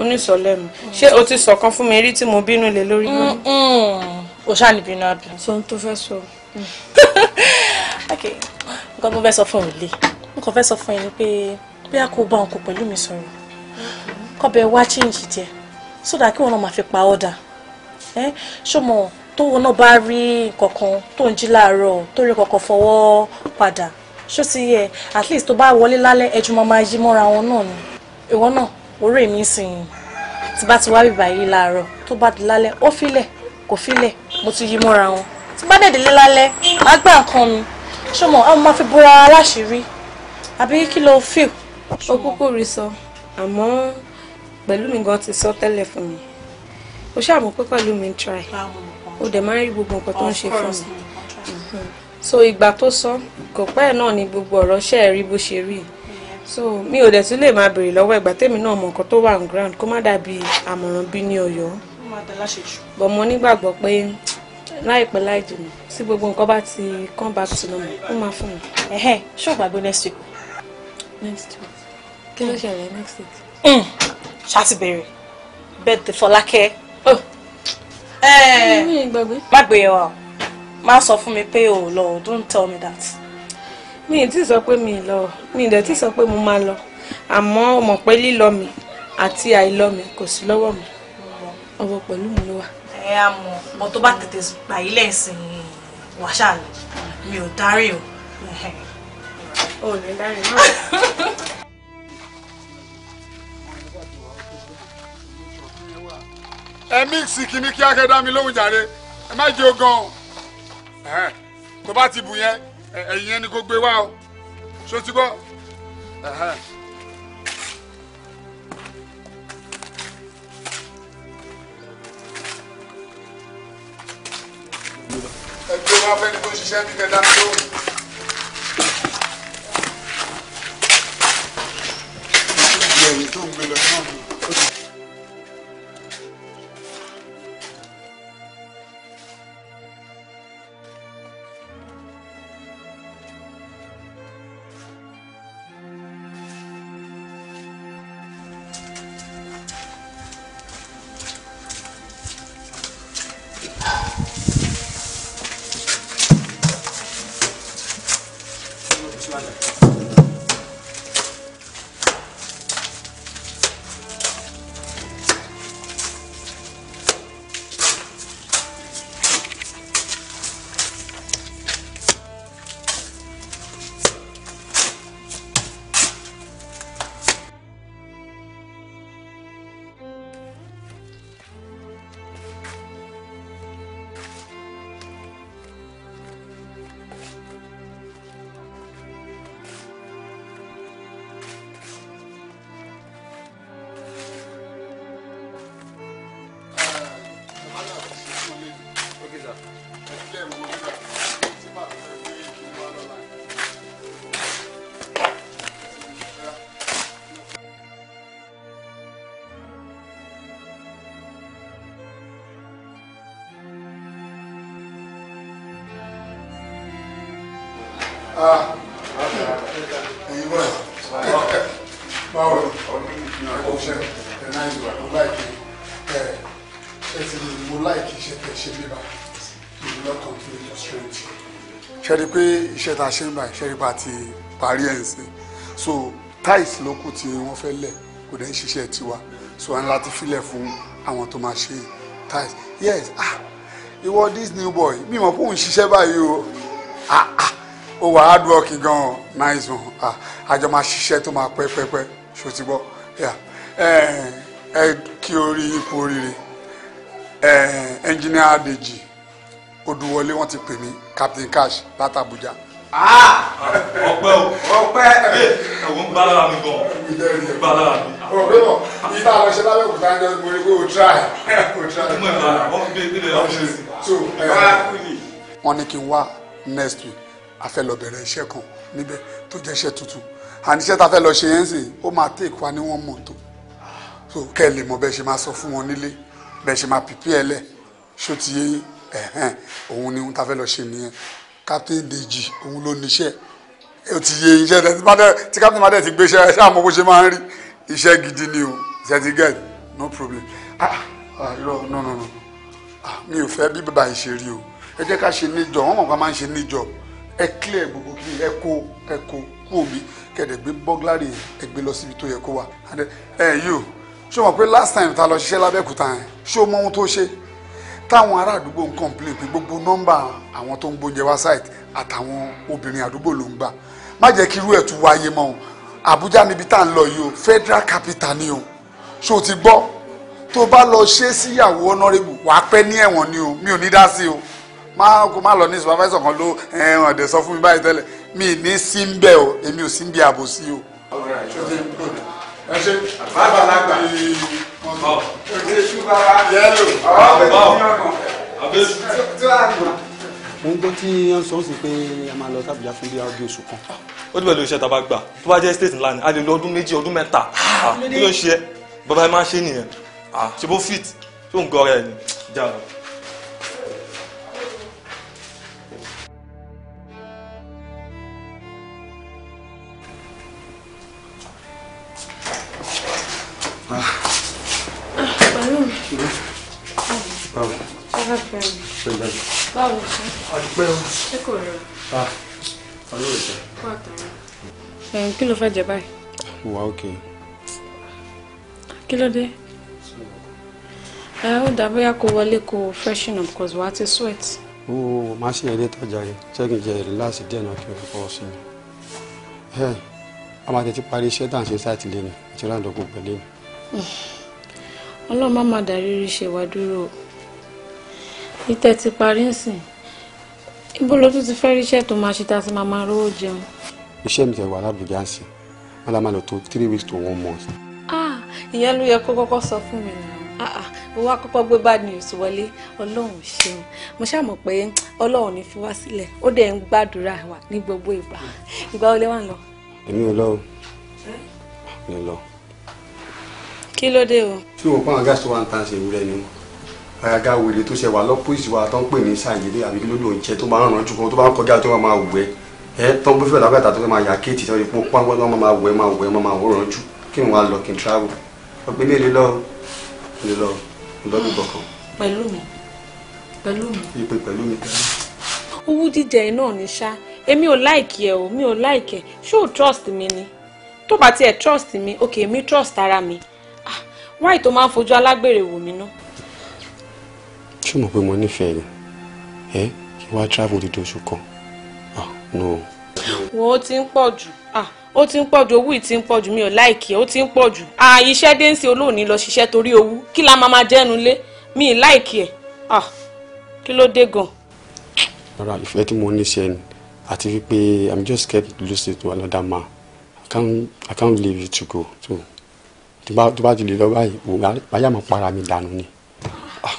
onísọ̀lẹ́nu ṣé o ti sọ̀kan fún mi rí tí mo bínú lé lórí náà. o ṣáà ní bínú àbí. sọ ohun tó fẹ́ sọ. nǹkan tó fẹ́ sọ fún òun lè nǹkan fẹ́ sọ fún ẹ pé bí a kò bá òun kò pẹ̀lú mi sọ̀rọ̀ kọ́ bẹ wá chíǹjì díẹ̀ sódà kí wọn náà máa fi pa ọ́ dáa. Eh, ṣọmọ tóun náà bá rí nǹkan kan tó ń jí láàárọ̀ tó rí kankan fọwọ́ padà ṣó ti yẹ at least tó bá wọlé lálẹ́ ẹjú máa máa yí mọ́ra wọn náà ni ìwọ náà orí mi sìn tí bá ti wá bìbà yìí láàárọ̀ tó bá di lálẹ́ ó filẹ̀ kò filẹ̀ mo ti yí mọ́ra wọn tí bá dẹ̀ délé lálẹ́ má gbà nǹkan mi ṣọmọ àwọn máa fi bóra aláṣìírí àbí kí ló fíl. ó kúkú rí sọ àmọ́ pẹ̀lú mi gan ti sọ tẹ́lẹ̀ fún mi o ṣàmù pé pẹ̀lú mi try o dẹ̀ máa ń rí gbogbo nǹkan tó ń ṣe fún mi mhm. so ìgbà tó sọ kò pẹ́ náà ni gbogbo ọ̀rọ̀ ṣe rí bó ṣe rí so mi ò dẹ̀ tún lè máa béèrè lọ́wọ́ ìgbà tèmi náà mọ̀ nǹkan tó wà on ground kó má dàbí àmọ̀ràn bí ní ọ̀yọ́ but mo nígbàgbọ́ pé láìpẹ́ láì dùnú tí gbogbo nǹkan bá ti come back to normal ó máa fún mi. ẹ̀hẹ́ ṣó gbàgbé next week. next week kí ló hmm. ṣẹlẹ̀ next week. Hmm. ṣá ti bẹ̀rẹ̀ bẹ́ẹ̀ dé Fọlákẹ́ má gbé wa o má sọ fún mi pé o lọ don't tell me that. mi ì tí sọ pé mi ì lọ mi ì dẹ̀ tí sọ pé mo máa lọ àmọ́ o mọ̀ pé lílọ mi àti àìlọ mi kò sí lọ́wọ́ mi ọwọ́ pẹ̀lú mi ló wà. ẹ á mọ ọmọ tó bá tètè gbà yí lẹ́sìn wàṣà mi ò dárí o. ò ní dárí ẹ mix kìíní kí akẹ́dá mi lóhùn jàre ẹ má jẹ́ ogan tó bá ti bù yẹn ẹ̀yìn yẹn ni kò gbé wá o ṣó ti gbọ́. ẹ gbé wá ṣiṣẹ́ ní kẹ́dá mi lóhùn. ẹ̀yin bọ́ẹ̀ báwo ni ọ̀ṣẹ́ ẹ̀ náà ìwà ló láìkí ẹ̀ ẹ̀ ti mo láìkí iṣẹ́ tẹ̀ ṣe bíbá ìlú lọ́kàn tó ń straight. ṣe rí i pé iṣẹ́ tá a ṣe ń báyìí ṣe rí i pa ti parí ẹ̀ ń sìn so tiles ló kù tí wọ́n fẹ́ lẹ̀ kò dẹ̀ ń ṣiṣẹ́ tiwa so a ní láti filẹ̀ fún àwọn tó máa ṣe tiles yes ah ìwọ this new boy bí mo fún òun ṣiṣẹ́ báyìí o ó wà hard work gan nice one àjọ ah, máa ṣiṣẹ́ tó máa pẹ́ pẹ́pẹ́ ṣó ti gbọ́ eh, ẹ kí orí ipò oríire ẹnjìnìá eh, Adéjì Odúwọlé wọ́n ti pè mí Captain Cash láti Àbújá. Ah! ọpẹ́ o ọpẹ́ ẹwọn ń bálára mi gan ń bálára mi. ọpẹ́ mọ ìta àwọn ṣẹlẹ̀ abẹ́òkúta ń jẹ mo pé o try o try. ìmọ̀ ìlànà wọ́n fi gbé ìpínlẹ̀ ọ̀ṣun sí. Eh, wọ́n ní kí n wá next week a fẹ́ lọ bẹ̀rẹ̀ iṣẹ́ kan níbẹ̀ tó jẹ́ iṣẹ́ tuntun àní iṣẹ́ ta fẹ́ lọ ṣe yẹn sìn ó máa take wa ní one month so kẹ́ ẹ lè mọ bẹ́ẹ̀ ṣe máa sọ fún wọn nílé bẹ́ẹ̀ ṣe máa prepare lẹ̀ ṣó ti yé ẹ̀hẹ́n òun ni ta fẹ́ lọ ṣe nìyẹn captain Deji òun ló níṣẹ́ ó ti yé iṣẹ́ tí captain madẹ ti gbéṣẹ́ ẹ ṣáà mọ bó ṣe máa ń rí iṣẹ́ gidi ni o iṣẹ́ ti get no problem ah ah no no no ah, mi ò fẹ́ bí bàbá yìí ṣe rí o ẹ jẹ́ ká ṣe níjọ wọ́n mọ̀ ká máa ń ṣe níjọ ẹ clear gbogbo kiri ẹ kó ẹ kó kú omi kẹ̀dẹ̀ gbé bọ́gláàrì ẹ lọ síbi tó yẹ kó wà ẹ yóò ṣé o mọ̀ pé last time ta lọ ṣiṣẹ́ lábẹ́kúta yẹn ṣé o mọ ohun tó ṣe táwọn ará àdúgbò ń complain pé gbogbo nọ́mbà àwọn tó ń gbóúnjẹ wá site àtàwọn obìnrin àdúgbò ló ń gbà má jẹ́ kí irú ẹ̀ tún wáyé mọ́ o Àbújá níbi tá à ń lọ yìí o federal capital ni o ṣé o ti gbọ́ tó bá lọ ṣe síyàwó honourable wàá pẹ́ ní ẹ̀wọ̀n ni o mi ò ní dá sí o má kó má lọ ní supervisor kan ló ẹran eh, ọ̀dẹ̀ sọ fún mi báyìí tẹ́lẹ̀ mi ní sí ń bẹ̀ o èmi ò sí ń bí àbòsí o. ẹ ṣe bàbá lágbà mo ń gbọ́ tí wọ́n sọ sí pé a máa lọ sábìjà fún bí ọdún oṣù kan. ó dìbò lóṣù tá a bá gbà tó bá jẹ́ state ńlá ni a lè lo ọdún méjì ọdún mẹ́ta ah, kí ló ń ṣe bàbá ẹ máa ṣe nìyẹn ah, ṣe bó fit ṣó ń gọrẹ ẹ ní ìjà rẹ. Pẹ̀lú mi. Báwo. Báwo. Pẹ̀lú. Báwo sọ. Àdúpẹ́ o. Ṣé kò rẹ̀ o? Ọlọ́ rẹ̀ sọ. Kó àtàrà. Ẹ̀yin kí ló fẹ́ jẹ báyìí? Wà ókè. Kí ló dé? Ẹ ó dà bóyá kó wọlé kó freshen up cause wàá ti sweat. Ó máa ṣe eré tọ́jà rẹ̀ ṣẹ́gun jẹ rìláàsì díẹ̀ náà kí o fi fọwọ́ sí i. Ẹ a máa tètè parí iṣẹ́ tá sáìtì lẹ́nu àti ráńdọ̀ gbogbo lẹ́nu ọlọ́run má má dáríri ṣe wá dúró o ìtẹ̀ ti parí nsìn ibo ló tún ti fẹ́ ríṣẹ́ tó máa ṣe tá a ti máa máa rówó jẹun. iṣẹ́ mi ti wà lábùjá sí wọ́n lá máa lọ tó three weeks to one month. ah ìyẹn ló yẹ kó kọ́kọ́ sọ fún mi náà wọ́n á kọ́kọ́ gbé bad news wọlé ọlọ́run ṣeun mo ṣàmọ̀ pé ọlọ́run ní fi wá sílẹ̀ ó dẹ̀ ń gbàdúrà wa ní gbogbo ìgbà ìgbà wo lè wà lọ. èmi ò lọ o mi ò lọ kí ló dé o. tí wọn pàwọn gáàsì tó wà ń tàn ṣe ìwúrẹ ni wọn àgàgà wèrè tó ṣe wà lọ́pọ̀ ìṣìwà tó ń pè ní sàgídé àbí kí ló lò ń jẹ tó bá ń rànjú kan tó bá ń kọjá tó máa wù ẹ ẹ tó ń bó fẹ́ lágbàtà tó fẹ́ máa yà kéètì tó yẹ kó pọ́npọ́n tó máa wù ẹ máa wù ẹ máa wù rànjú kí n wá lọ kí n travel ọgbẹ́ mi lè lọ lè lọ lọ́dún kọ̀ọ̀kan. pẹ̀lú mi pẹ̀lú mi. ìpè pẹ̀lú mi tẹ́lẹ̀. owó jíjẹ náà ní ṣá èmi ò láìkì ẹ o mi ò láìkì ẹ ṣé o trust mi ni tó bá tiẹ̀ trust mi okay mi trust ara mi wáì tó máa ń fojú alágbèrè wò mí ná. ṣé mo pé mo nífẹ̀ẹ́ yẹn ẹ kí wàá travel dídí oṣù kan ah no. wo ó ti ń pọ̀ jù ah ó ti ń pọ̀ jù owó yìí ti ń pọ̀ jù mi ò láìkí ó ti ń pọ̀ jù ah iṣẹ́ dé ń ṣe olóòní lọ ṣiṣẹ́ torí owó kí la máa máa jẹ́nu lé mi ì láìkí ẹ̀ ah kí ló dé gan. rárá ìfẹ́ tí mo ní ṣe ni àti wípé i'm just scared to lose it to another man i can't i can't leave you to go too tó bá tó bá ti lè lọ báyìí màá yà máa para mi dànù ni ah,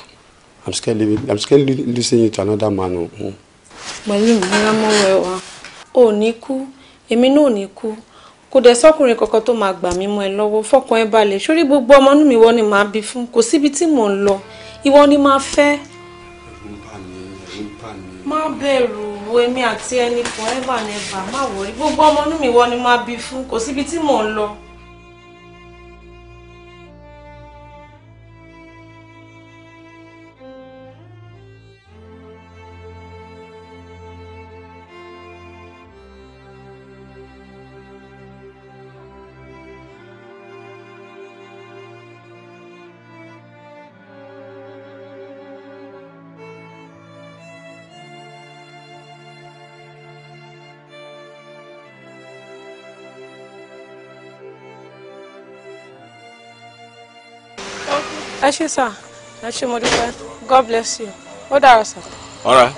i'm scared living i'm scared listening to another man o. pẹ̀lú hmm. ìmúra mọ́wọ́ ẹ wa ò ní kú èmi náà ò ní kú kò dẹ̀ sọ́kùnrin kankan tó máa gbà mí mọ́ ẹ lọ́wọ́ fọkàn ẹ balẹ̀ sórí gbogbo ọmọ inú mi wọ́n ni màá bí fún kò síbi tí mò ń lọ ìwọ ni màá fẹ́. má bẹ̀rù èmi àti ẹni forever never má wọrí gbogbo ọmọ inú mi wọ́n ni màá bí fún kò síbi tí mò ń lọ. ẹ ṣé sà ẹ ṣé mo dúpẹ́ god bless you ó dàrọ sà. all right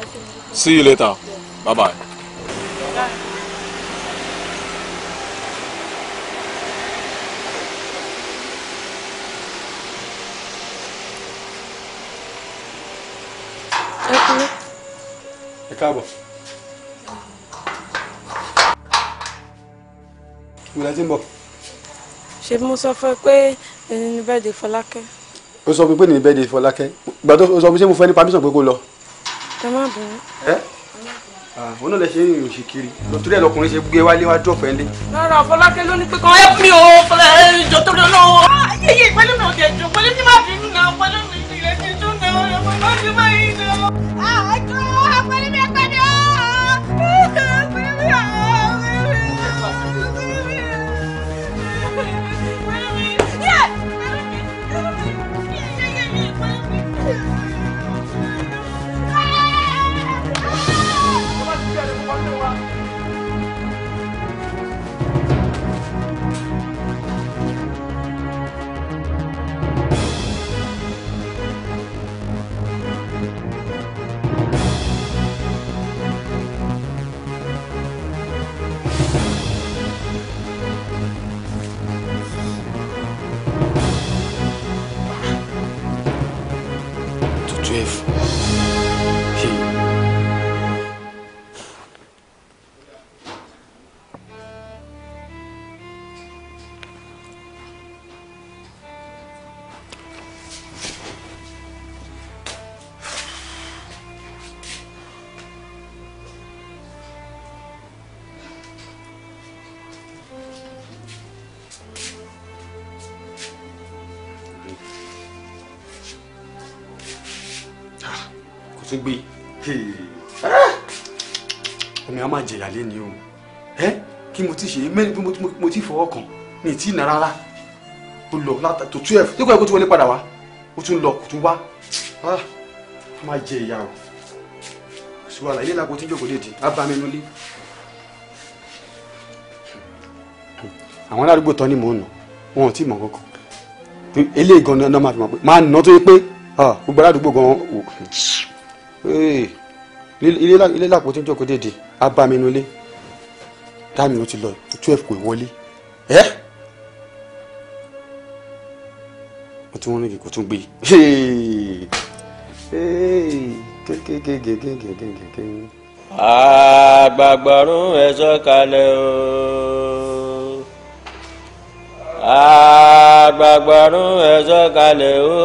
see you later bye bye. bye. káàbọ̀. Ìgbà tí ń bọ̀. Ṣé mo sọ fún ẹ pé ẹni ní bẹ́ẹ̀ dé Fọlákẹ́? ó sọ pé ní bẹ́ẹ̀dẹ̀ fọlákẹ́ ìgbà tó sọ pé ṣé mo fẹ́ ní permission pé kó lọ. ẹ má bẹ̀rẹ̀. ẹ wọn náà lè ṣe ìrìn òsì kiri lọtúrẹ lọkùnrin ṣe gbé wálé wá drop lé. rárá fọlákẹ́ ló ní pé kan help me o jọ tó lọ. ayẹyẹ pẹ̀lú mi ò jẹ jọ pẹ̀lú mi má bínú náà pẹ̀lú mi ìrẹsì tó náà ọmọ ìbá mi má yín náà. jẹ̀yà lẹ́ni o ẹ́ kí mo ti ṣe é mẹ́rin pé mo ti fọwọ́ kàn ní ìtì ìnara rárá ó lọ láta tó twelve nígbà tó ti wọlé padà wá ó tún lọ kò tún wá á ah, má jẹ ìyá o ṣùgbọ́n àlàyé làkó tí ń jòkó léde á bá mi nulẹ̀. àwọn aládùúgbò tán ni mò ń nà wọn ò tí ì mọ̀ kankan eléyìí gan-an náà máa fi mọ̀ pé máa nà tó yẹ pé ah, gbogbo aládùúgbò gan-an ilé làpótí níjọ́ kó dédé abamínú ilé táàmì ló ti lọ twelve kò wọlé ẹ́ mo ti wọ́n ní kò tún gbé àgbàgbọ́rún ẹ̀ sọ̀kalẹ̀ ooo àgbàgbọ́rún ẹ̀ sọ̀kalẹ̀ ooo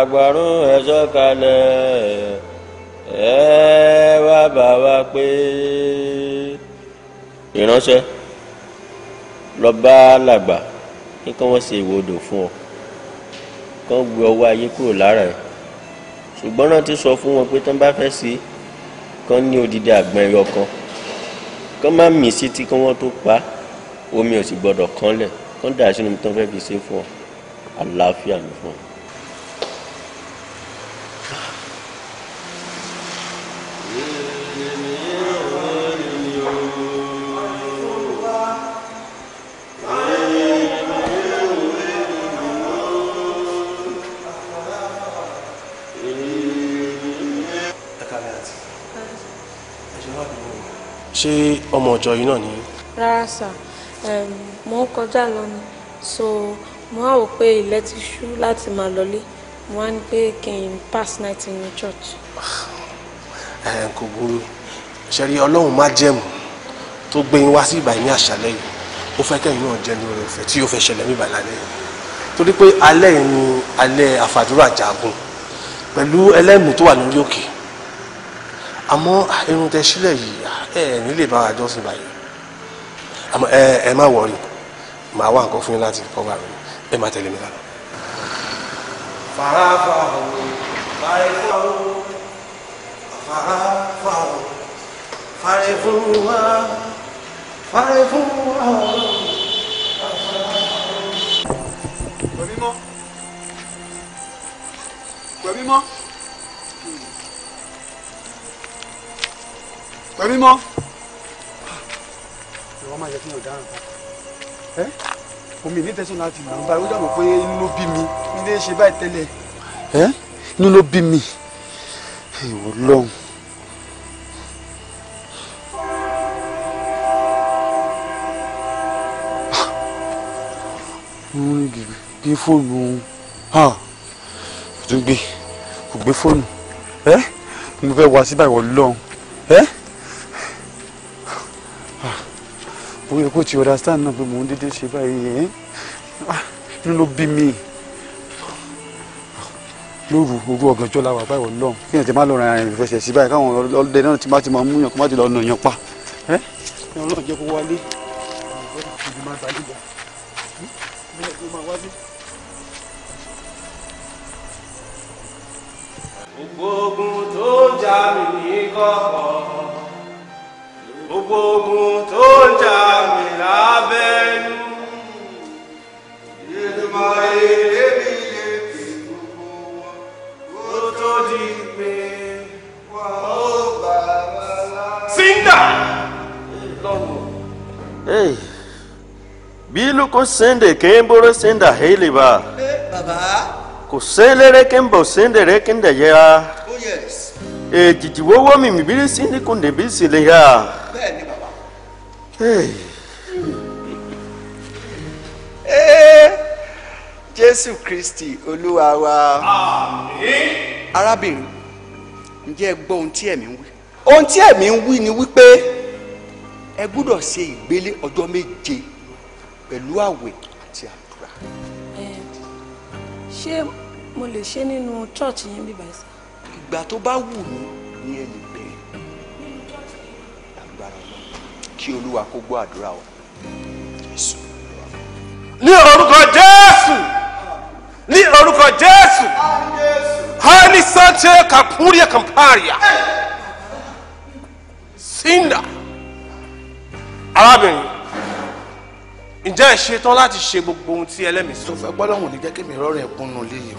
àgbàrún ẹ sọ̀kalẹ̀ ẹ wá bá wa pé ìránṣẹ́ lọ bá làgbà kí kán wọ́n ṣe ìwòdò fún ọ kán gbé ọwọ́ ayé kúrò lára ẹ̀ ṣùgbọ́n náà ti sọ fún wọn pé tán bá fẹ́ sí kán ní odidi àgbọn ẹyọ kan kán má mì sí tí kán wọ́n tó pa omi ò sì gbọ́dọ̀ kán lẹ̀ kán dà sínú tó fẹ́ fi ṣe fún ọ àlàáfíà ló fún ọ. ṣé ọmọ ọjọ́ yìí náà ni. rárá sà mo ń kọjá lọ ni so mo á wò pé ilẹ̀ ti ṣú láti máa lọlé mo á ní pé kí n pass night in the church. Ah, ẹ kò burú ṣẹ́rí ọlọ́run má jẹ̀mú tó gbé yín wá sí ìbàyí ní àṣálẹ́ yìí ó fẹ́ kẹ́yìn náà jẹ́ ní oore ọ̀fẹ́ tí ó fẹ́ ṣẹlẹ̀ ní ìbàyí yìí torí pé alẹ́ ni alẹ́ àfàdúrà jagun pẹ̀lú ẹlẹ́mìí tó wà lórí òkè àmọ́ irun tẹ sílẹ̀ yìí ẹ nílé bá wa jọ́sìn báyìí àmọ́ ẹ ẹ má wọrí màá wá nǹkan fún yín láti kọ́ bá mi ẹ má tẹ̀lé mi lánà. fara fàrọ̀ fara fàrọ̀ fara fàrọ̀ fara fún wa fara fún wa. Pẹ̀mí mọ́. Pẹ̀mí mọ́. pẹ̀mí mọ́. ìwọ máa yẹ kí yàn dáràn pa omi ní tẹ̀sán láti mọ̀ nípa ìwọ́jà mọ̀ pé inú ló bí mi ilé ṣe báyìí tẹ́lẹ̀ inú ló bí mi ìwọ lọ́hùn. gbé fóònù ha tún gbé kò gbé fóònù ẹ mo fẹ́ wá sí báyìí wọ́n lọ́hùn. yẹ go, ti understand náà pé mò ń dédé ṣe báyìí ẹ́ eh? ah, inú ló bí mi lóru òru ọ̀gànjọ́ la wà báyìí ọlọ́run kí ẹ̀ tẹ́ má lọ ra ẹ̀rìn fẹsẹ̀ sí báyìí káwọn ọlọ́dẹ náà ti má ti máa mú yàn kó má ti lọ nà yàn pa ẹ́ ọlọ́run jẹ́ kó wálé ìdí máa sáré bọ̀ ìdílé tó máa wálé. gbogbo ogun tó ń jà mí ní kọ̀ọ̀kan gbogbo ogun tó ń jà mí bilu ko sende kemboro senda heliba baba ko selere kembo sendere kende ya oh yes e jiji wowo mi mi bili sindi kunde bili sile ya bẹ́ẹ̀ ni baba hey jésù kristi olúwa wa. àmín. arábìnrin ǹjẹ́ ẹ gbọ́ ohun tí ẹ̀mí ń wí. ohun tí ẹ̀mí ń wí ni wípé ẹ gbúdọ̀ ṣe ìgbélé ọjọ́ méje pẹ̀lú àwẹ̀ àti àdúrà. ṣé mo lè ṣe nínú chọ́ọ̀chì yẹn bíbá ẹ̀ sá. ìgbà tó bá wù mí ni ẹ lè bẹ̀rẹ̀ agbára ọlọ́run kí olúwa kó gbọ́ àdúrà wa jésù. ní orúkọ jésù ní orúkọ jésù hani sace kapuria kamparia sinda arábìnrin ǹjẹ́ ẹ ṣetán láti ṣe gbogbo ohun tí ẹlẹ́mìí sọ. sọfẹ gbọ́dọ̀ wọ́n ní jẹ́ kí mi rọrùn ẹkún nù léyìí o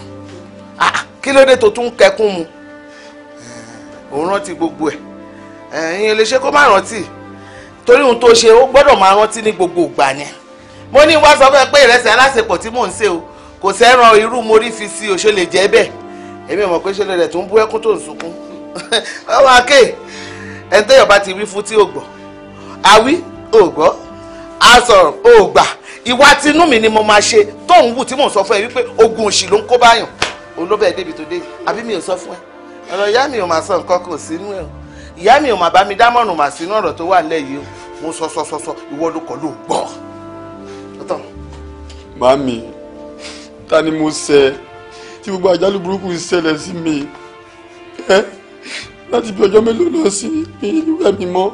ah, kí ló dé tó tún kẹkún mu òun rántí gbogbo ẹ ẹ̀yin lè ṣe kó má rántí torí ohun tó ṣe ó gbọ́dọ̀ máa rántí ní gbogbo ìgbà yẹn mo ní wá sọ fún ẹ pé ìrẹsì alásèpọ̀ tí mò ń ṣe o kò sẹ́ràn irú morí fi sí o ṣe lè jẹ́ bẹ́ẹ̀ èmi mọ̀ pé ṣe lè rẹ̀ tó ń bú ẹkún tó ń sunkún ọwọ́ aké ẹni tẹ́yọ̀ bá ti wí fún tí ò gbọ́ àwí ò gbọ́ àsọ̀rọ̀ ò gbà ìwà tinú mi ni mo máa ṣe tó ń wù tí mò ń sọ fún ẹ wípé ogun òṣì ló ń kó báyàn olóbẹ̀ débi tó dé àbí mi ò sọ fún ẹ ọ̀rọ̀ ìyá mi ò máa sọ nǹkan kò sínú ẹ o ìyá mi ò máa bá mi dámọ̀ràn mà sínú ọ̀rọ̀ tó wà lẹ́yìn o mo sọ sọ sọ ìwọ ló kọ̀ ló gbọ́. màmí ta ni mo ṣẹ̀ tí gbogbo àjálù burúkú ṣẹlẹ̀ sí mi ẹ láti bí ọjọ́ mélòó lọ sí mi ìwé mi mọ́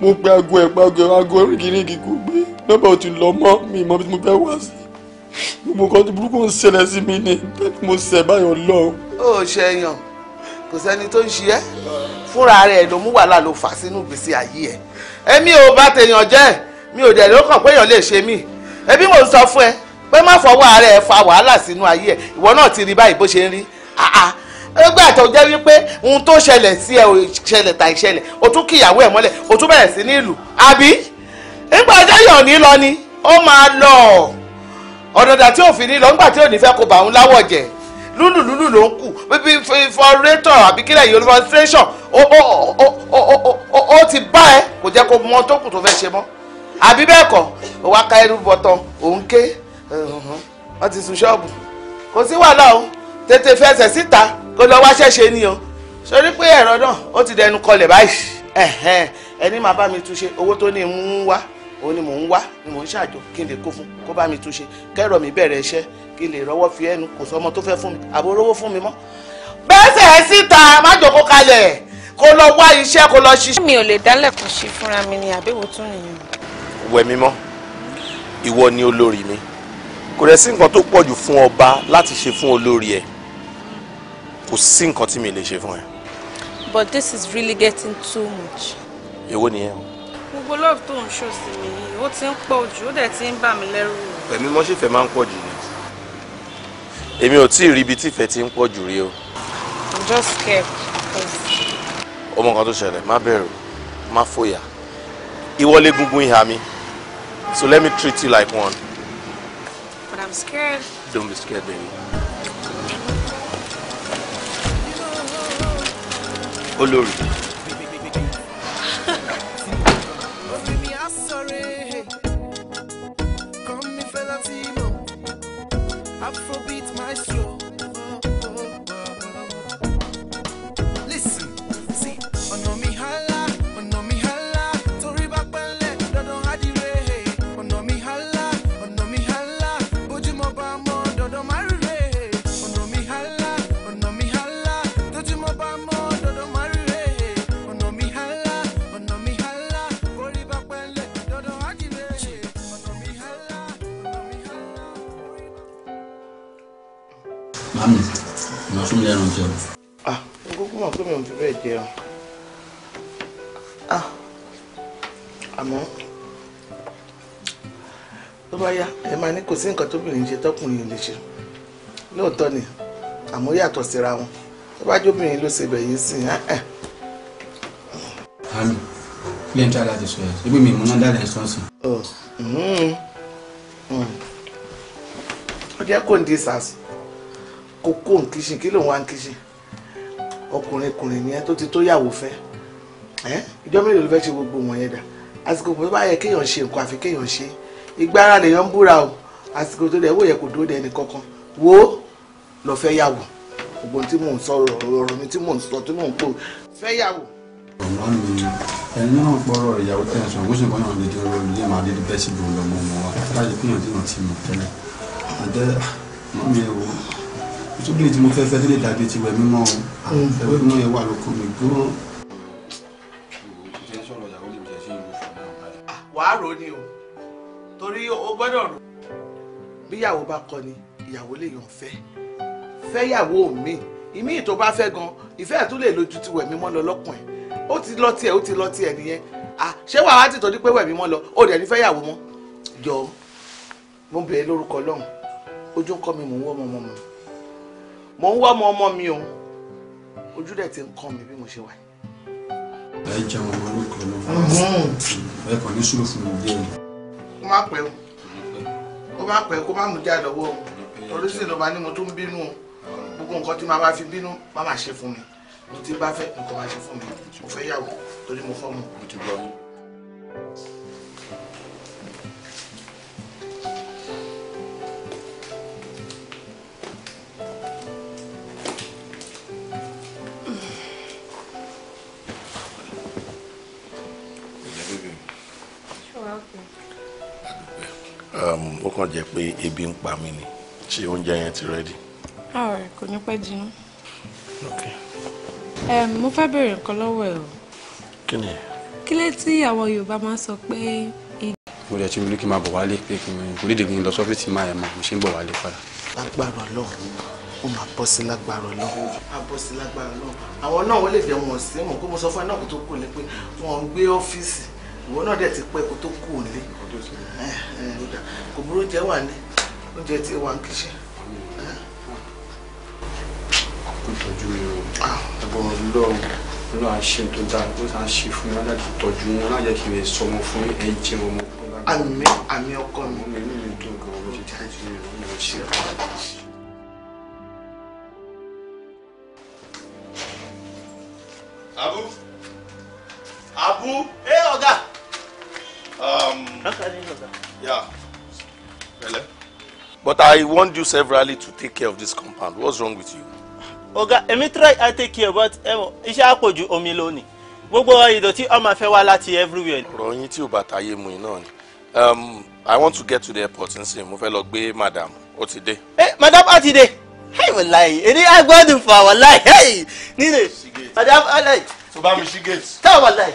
mo pe aago ẹ̀ paago aago rígirígi kò gbé nọ́mbà ò ti lọ mọ́ mi mọ́ bí mo fẹ́ wá sí gbogbo nǹkan tó burúkú ń ṣẹlẹ̀ sí mi ni ta ni mo ṣẹ̀ báyọ̀ lọ. ó ṣẹyàn kò sẹ́ni tó ń ṣe ẹ́ fúnra rẹ̀ ló mú wàhálà ló fà sínú ìgbésí ayé ẹ̀ ẹ̀mí ò bá tèèyàn jẹ́ mi ò dẹ̀ ló kàn lè ṣe mí ẹbí mò sọ fún ẹ pé má fọwọ́ ara ẹ̀ fa wàhálà sínú ayé ẹ̀ ìwọ náà ti rí báyìí bó ṣe ń rí nígbà ah, ah. tó jẹ́ wípé ohun tó ṣẹlẹ̀ sí ẹ ò ṣẹlẹ̀ tà ìṣẹlẹ̀ o tún kí ìyàwó ẹ̀ mọ́lẹ̀ o tún bẹ̀rẹ̀ sí ní ìlú àbí nígbà ọjọ́ yàn ní lọ ni ó máa lọ ọ̀dọ̀dà tí òfin ní lọ nígbà tí ò ní fẹ́ kó bà ń láwọ̀ jẹ́ lúlùlúlù ló ń kù bíbí fọrétọ̀ àbí kílẹ̀ yìí olùfọ́nstréṣọ̀n ó ti bá ẹ kò jẹ́ kó mọ tó kù tó fẹ́ ṣe mọ́ àbí bẹ́ẹ̀ kọ́ wákàá ẹrú bọ̀tán òun ké wọ́n ti sun ṣọ́ọ̀bù kò sí wàhálà o tètè fẹsẹ̀ síta kó lọ wá ṣẹ̀ṣẹ̀ ni o sórí pé ẹ̀rọ náà ó ti dẹnu kọlẹ̀ báyìí ẹni máa bá mi túnṣe owó tó ní mú wá òun ni mò ń wá ni mò ń ṣàjọ kí n lè kó fún kó bá mi túnṣe kẹ́rọ̀ mi bẹ̀rẹ̀ iṣẹ́ kí n lè rọ́wọ́ fi ẹnu kò sọ ọmọ tó fẹ́ fún mi àbò rówó fún mi mọ́. bẹ́sẹ̀ síta má jókòó kalẹ̀ kó lọ wá iṣẹ́ kó lọ ṣiṣẹ́. mi ò lè dálẹ̀kùn ṣe fúnra mi ni àbẹ̀wò tún nìyẹn. wẹ̀ ìwọ ni olórí mi kò rẹ̀ sí nǹkan tó pọ̀ jù fún ọba láti ṣe fún olórí ẹ̀ kò sí nǹkan tí mi lè ṣe fún ẹ. but this is really getting too much. èwo nìyẹn o. gbogbo love tó ń ṣó sí mi yìí ó ti ń pọ̀ jù ó dẹ̀ ti ń bà mí lẹ́rù. pẹ̀mí mọ́ṣífẹ́ máa ń pọ̀ jù ni èmi ò tí ì rí ibi tífẹ̀ẹ́ ti ń pọ̀ jù rí o. i'm just scared. ọmọ kan tó ṣẹlẹ̀ má bẹ̀rù má fòyà ìwọlé gungun ìhà mi so let me treat you like one. I'm scared. Don't be scared, baby. Olórí. Afrobeat mami màá fún mi lẹ́nu jẹ o. ah mo kúkú mọ̀ pé mi ò fi bẹ́ẹ̀ jẹun ah àmọ́ tó bá yá ẹ máa ní kò sí nǹkan tóbìnrin ń ṣe tọkùnrin ò lè ṣe lóòótọ́ ni àmọ́ yàtọ̀ síra wọn tó bá jóbìnrin ló ṣe bẹ̀yìn sí i. àmì ilé ń tí aláàtì sọ yẹn ibi mi mú náà dáadáa sọ sí. Oh, hmm, hmm. ó jẹ́ kó ń di sàásù kókó nkíṣin kí lòun wá nkíṣin ọkùnrin kùnrin nìyẹn tó ti tó yàwó fẹ́ ẹ ìjọ mélòó ló fẹ́ ṣe gbogbo wọn yẹn dà àsìkò tó bá yẹ kéèyàn ṣe nǹkan àfi kéèyàn ṣe ìgbára lèèyàn ń búra o àsìkò tó dẹ̀ wò yẹ kò dúró dẹ̀ ẹnìkankan wo lọ fẹ́ yàwó gbogbo tí mò ń sọ ọ̀rọ̀ mi tí mò ń sọ tí mò ń pò fẹ́ yàwó. ọ̀rọ̀ mi ẹni náà gbọ́rọ̀ ìyàwó tẹ̀ sọ gbóṣùn kan náà dédé ọ̀rọ̀ ìdílé máa dédé bẹ́ẹ̀ sì bò ń mọ́ wa láyé pínyàn tí wọ́n ti mọ̀ tẹ́lẹ̀ àdẹ́ mọ́ mi ò sókè tí mo fẹ́ fẹ́ tó lè dàbí tiwẹ̀ mímọ́ àwọn mm. ìfẹ́wé mímọ́ yẹn wà lóko mi gbúrò. wàá rò ni o torí o gbọ́dọ̀ rò bíyàwó bá kọ ni ìyàwó lè yàn fẹ́ fẹ́yàwó mi ìmí tó bá fẹ́ gan ìfẹ́ ẹ̀ tó lè lójú tiwẹ̀ mímọ́ lọ lọ́kàn ẹ̀ ó ti lọ tiẹ̀ ó ti lọ tiẹ̀ nìyẹn ṣé wàá wá ti tọ́jú pé wẹ̀mí lọ ó dẹ̀ ní fẹ́yàwó mọ́ jọ mo bẹ̀ẹ́ lórúkọ lọ́hùn ojú ń kọ́ mi mò ń wọ́ ọmọ ọmọ mi mò ń wá ọmọ ọmọ mi o ojú dẹ̀ ti ń kàn mí bí mo ṣe wà. ẹ jẹun ọmọ orúkọ náà mhm. ẹ kàn ní sùúrù fún mi díẹ̀ kó má pẹ́ kó má pẹ́ kó má mú jáde lọ́wọ́ o torí sì ló máa ní mo tún bínú o gbogbo nǹkan tí màá bá fi bínú má má ṣe fún mi mo ti bá fẹ́ nǹkan má ṣe fún mi mo fẹ́ yàwó torí mo fọ́ mu. mo ti gbọ́ yín. ó kàn jẹ́ pé ebi ń pa mí ni ṣé oúnjẹ yẹn ti rẹ́dì. ọ̀rẹ́ kò ní pẹ́ jinú. mo fẹ́ bèèrè nǹkan lọ́wọ́ ẹ̀ o. kí ni. kí lé tí àwọn Yorùbá máa ń sọ pé. mo rẹ̀ tí mo ní kí n máa bọ̀ wálé pé kí n kò lè dègbìn lọ sọ́fíìsì máa ẹ̀ mọ̀ mo ṣe ń bọ̀ wálé padà. lágbára Ọlọ́run ó máa bọ́ sí lágbára Ọlọ́run. á bọ́ sí lágbára Ọlọ́run àwọn náà wọ́n lè jẹ́ wọn sí wọn kó mo sọ fún ẹ náà kó tó kù ìwọ náà dẹ̀ ti pẹ́ kó tó kú òní kò burú jẹ́ wà ní oúnjẹ tí wà ń kíṣe. kò tọ́jú mi o ẹ̀bùn ọlọ́run ló à ń ṣe tó dáa ló à ń ṣe fún mi láti tọ́jú wọn láti jẹ́ kí n lè sọ ọmọ fún ẹ jẹ́ ọmọ. àmì àmì ọkọ mi. ọmọ mi ní mi dùn gan-an mo ti jáde mi ò ní ṣe é. Abu? Abu? But I want you severally to take care of this compound. What's wrong with you? Oga, let me try I take care but ẹ̀wọ̀n eh, iṣẹ́ àpọ̀jù omi lónìí. Gbogbo ìdọ̀tí ó máa fẹ́ wá láti everywhere. Ọ̀rọ̀ yín tí ò bá tayé mu iná ni. Um, I want to get to the airport nsìn, mo fẹ́ lọ gbé madam, ó ti dé. Ẹ eh, madam á ti dé. Ẹ wò láyé, èdè agbọ́dún fún àwọn láyé. Nílé, madam á láyé. Tó bá mi ṣí gate. Táwọn láyé,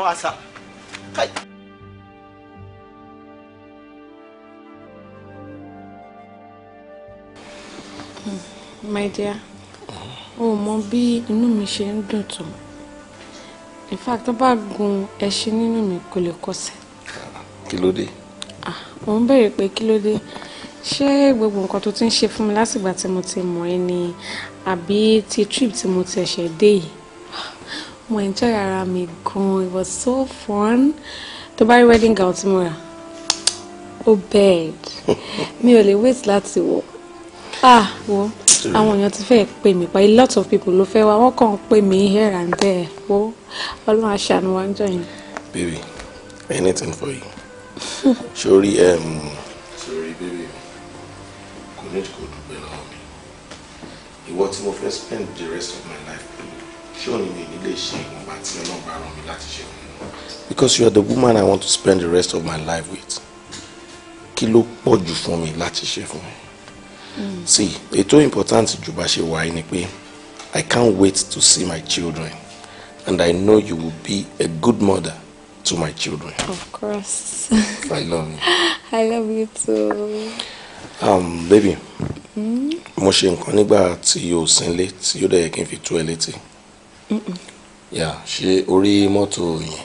kawo asa my dear o mọ bí inú mi ṣe ń dùn tó in fact tó bá gun ẹṣin nínú mi kò lè kọsẹ̀. kí ló dé. Ah, mo ń béèrè pé kí ló dé ṣé gbogbo nǹkan tó ti ń ṣe fún mi látìgbà tí mo ti mọ̀ ẹ́ ni àbí ti trip tí mo ti ẹ̀ṣẹ̀ dé yìí mo enjoy ara mi gan it was so fun tó bá rí wedding gown tí mo rà ó bẹ́ẹ̀d mi ò lè wait láti wọ̀ ah wo àwọn èèyàn ti fẹ́ẹ́ pè mí pa a lot of people ló fẹ́ wá wọ́n kàn ń pè mí here and there wo ọlọ́run aṣàánú wa ń jọ yẹn. baby anything for you sori sori baby kò ní kò dúpẹ́ lọ́wọ́ mi ìwọ tí mo fẹ́ spend the rest of my life pẹ̀lú because you are the woman I want to spend the rest of my life with Kilo poju for me, lati mi láti ṣe fún mi. Hmm. see ètò important jù bá ṣe wáyé ni pé I can't wait to see my children and I know you will be a good mother to my children. Of course. I love you. I love you too. Um, baby, hmm? mo ṣe nǹkan nígbà tí o sínlé tí ó dẹ̀ yẹ kí n fi tú ẹ Yeah, ṣe orí mọ́tò yẹn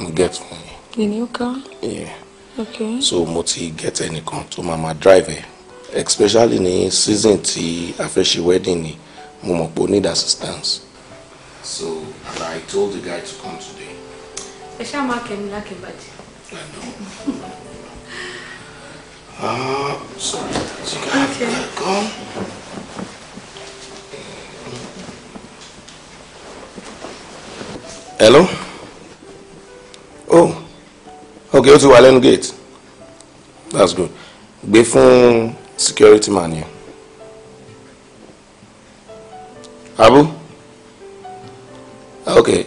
mo get fún yẹn. the new car. yeah. okay. so mo ti get ẹnìkan tó máa ma drive ẹ especially ní season tí a fẹ́ wedding ni mo mọ̀ pé o need assistance. so I told the guy to come today. ẹ ṣáà máa kẹ́mi lákèbàjẹ́. I know. Ah, uh, sorry. It's okay. okay. Come. hello oh okay ó ti wà lẹ́nu gate that's good gbé fún security man yẹn abu okay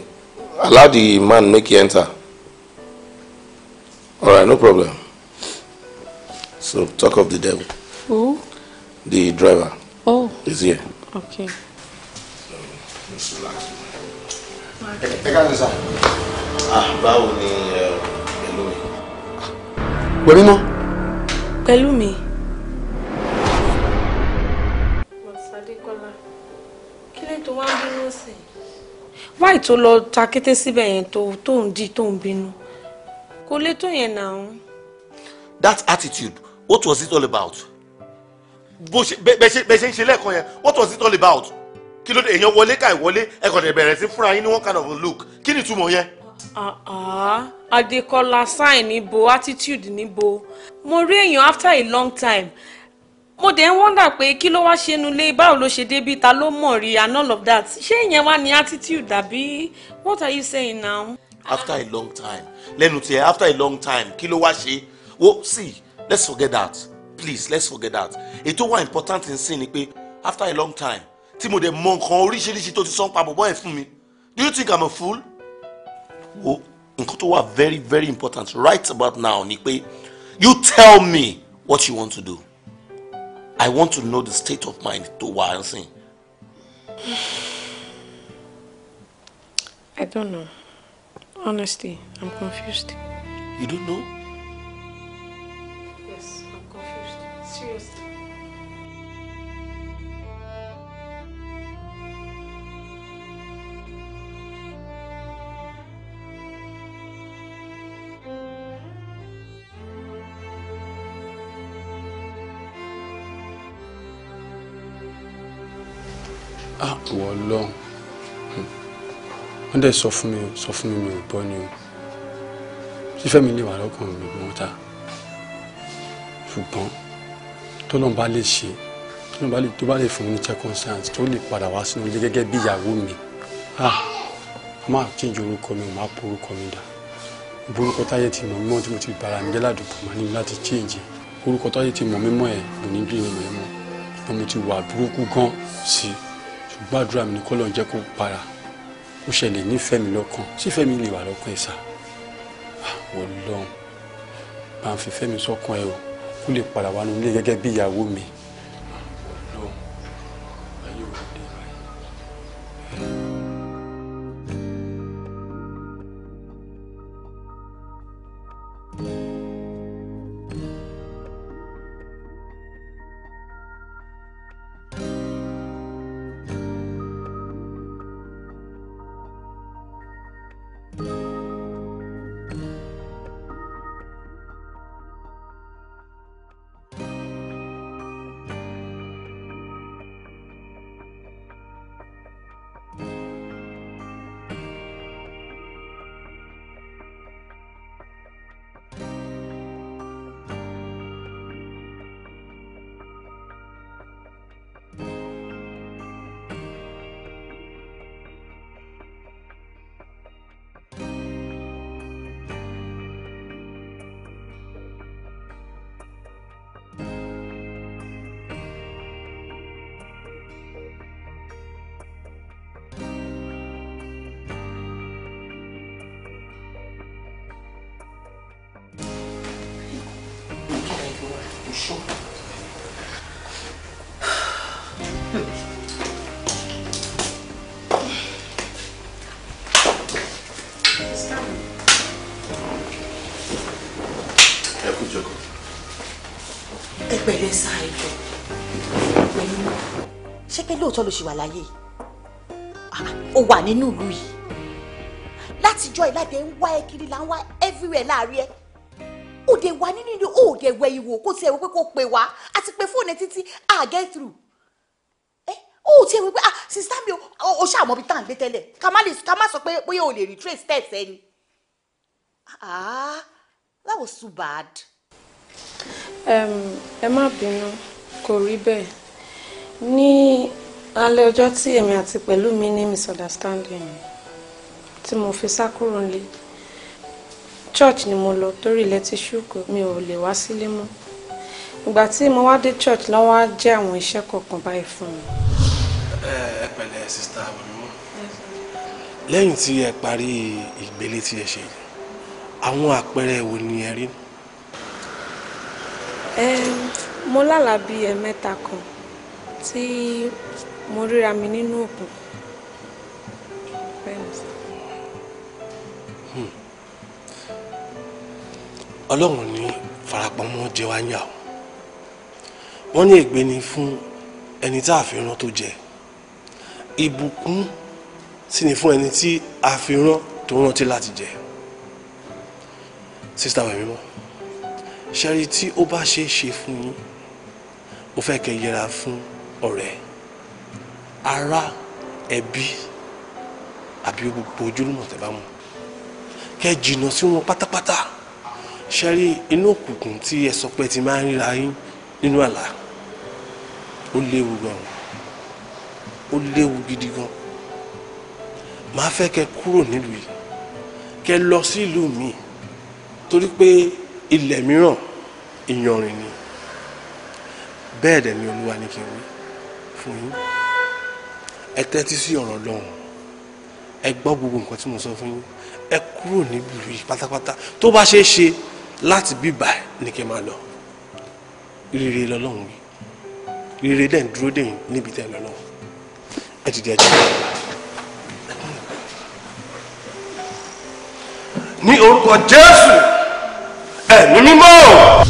allow the man make he enter All right. no problem so talk of the devil. who. the driver. oh is here. okay. So, just relax ẹ ká lọ sà. Ah, báwo ni pẹ̀lú mi. pẹ̀lú mọ́. pẹ̀lú mi. wáì tó lọ takété síbẹ̀ yẹn tó tó ń di tó ń bínú kò lè tó yẹn náà. that attitude what was it all about bó ṣe bẹ ṣe ń ṣe lẹ́ẹ̀kan yẹn what was it all about kí ló dé èèyàn wọlé káì wọlé ẹ kàn dé sí fúnra yín ní one kind of look kí ni ìtumọ̀ yẹn. Uh-uh. Adékọ́lá sign níbo attitude níbo mo rí èèyàn after a long time mo dẹ̀ ń wọ́ndà pé kí ló wá ṣe nulẹ̀ báwo ló ṣe débi ta ló mọ̀ rí and all of that ṣé ìyẹn wá ní attitude àbí what are you saying now. after a long time lẹ́nu tiẹ̀ after a long time kí ló wá ṣe wo see let's forget that please let's forget that ètò wa important thing sí ni pé after a long time tí mo dẹ̀ mọ nǹkan oríṣiríṣi tó ti sọ pa bọ̀bọ̀ ẹ̀ fún mi do you think i'm a fool? wo nǹkan tó wà very very important right about now ni pé you tell me what you want to do i want to know the state of mind tó wà á sìn. i don't know honestly i'm confused. you don't know? wọ́n dẹ̀ sọ fún mi sọ fún mi mi ò gbọ́ ni o fífẹ́ mi lè wà lọ́kàn mi mọ́ ta ṣùgbọ́n tọ́lọ́n bá lè ṣe tọ́lọ́n bá lè tó bá lè fún mi ní circumstance tó lè padà wá sínú ilé gẹ́gẹ́ bí ìyàwó mi ah má change orúkọ mi má porúkọ mi dà borúkọ táyé ti mọ̀ mímọ́ tí mo ti bára mi jẹ́ ládùúgbò máa ní láti change orúkọ táyé ti mọ̀ mímọ́ ẹ̀ lò ní bí ìmọ̀ ẹ̀ mọ́ mo ti wà burúkú gan sí ṣùgbọ́n àdúrà mi ní kọ́lọ̀ jẹ́ kó para ó ṣẹlẹ̀ nífẹ̀ẹ́ mi lọ́kàn sí fẹ́mi lè wà lọ́kàn ẹ̀ sá wọ́n ah, lọ́hùn bá ń fi fẹ́mi sọ́kàn ẹ o kó lè padà wá nílé gẹ́gẹ́ bí ìyàwó mi. ẹkùjọkọ. ẹ pẹ̀lẹ́ sá ẹjọ́ pẹ̀lú ṣé pé lóòótọ́ ló ṣì wà láyé ó wà nínú ìlú yìí látijọ́ ẹ̀ láti ẹ̀ ń wá ẹ kiri là ń wá everywhere láàárín ẹ̀ òde wa nínú ìlú òde wẹ ìwò kó tiẹ̀ wọ pé kó pè wá àti pé fóònù títí à get through ó tiẹ̀ wọ pé ah sista mi o ṣàmọ́ bí tá à ń gbé tẹ́lẹ̀ ká má sọ pé bóyá o lè retrace tẹ̀sẹ̀ ni. Ah, ah that was too bad. ẹ má bínú kò rí bẹ́ẹ̀ ní alẹ́ ọjọ́ tí èmi mi ní misunderstanding tí mo fi sá kúrò nílé church ni mo lọ torí ilẹ̀ ti ṣúkọ mi ò lè wá sílé mọ́ ìgbà tí mo wá dé church lọ́wọ́ wa jẹ́ àwọn iṣẹ́ kọ̀ọ̀kan báyìí fún mi. ẹ pẹ̀lẹ́ sista abimimu lẹ́yìn tí ẹ parí ìgbélé tí ẹ ṣe yìí àwọn àpẹẹrẹ wo ni ẹ rí. mo lálà bíi ẹ̀mẹ́ta kan tí mo ríra mi nínú òkun. Hmm. ọlọ́run ní farapamọ́ jẹ wá yà ó wọ́n ní ègbé ni fún ẹni tá a fi rán tó jẹ ìbùkún sì ni fún ẹni tí a fi rán tó rántí láti jẹ sísítà wẹ̀ mímọ́ ṣẹ́rí tí ó bá ṣe é ṣe fún yín ó fẹ́ kẹ́ yẹra fún ọ̀rẹ́ ará ẹbí àbí gbogbo ojúlùmọ̀ tẹ́ bá mọ̀ kẹ́ jìnnà sí wọn pátápátá ṣẹ́rí inú òkùnkùn tí ẹ sọ pé ti máa ń ríra yín nínú àlá ó léwu gan ó léwu gidi gan màá fẹ́ kẹ́ kúrò nílùú yìí kẹ́ lọ sí ìlú míì torí pé ilẹ̀ mìíràn ìyanrìn ni bẹ́ẹ̀ dẹ̀ ni olúwa ní kí n wí fún yín ẹ tẹ́tí sí ọ̀rọ̀ lọ́hùn ẹ gbọ́ gbogbo nǹkan tí mo sọ fún yín ẹ kúrò nílùú yìí pátápátá tó bá ṣeé ṣe láti bíbà ní kí n máa lọ rere lọ́lọ́hùn wí rere dẹ̀ ń dúró dè níbi tẹ́ lọ́lọ́hùn ẹ ti di ẹjọ́ ní orúkọ Jésù ẹ̀mí mímọ́.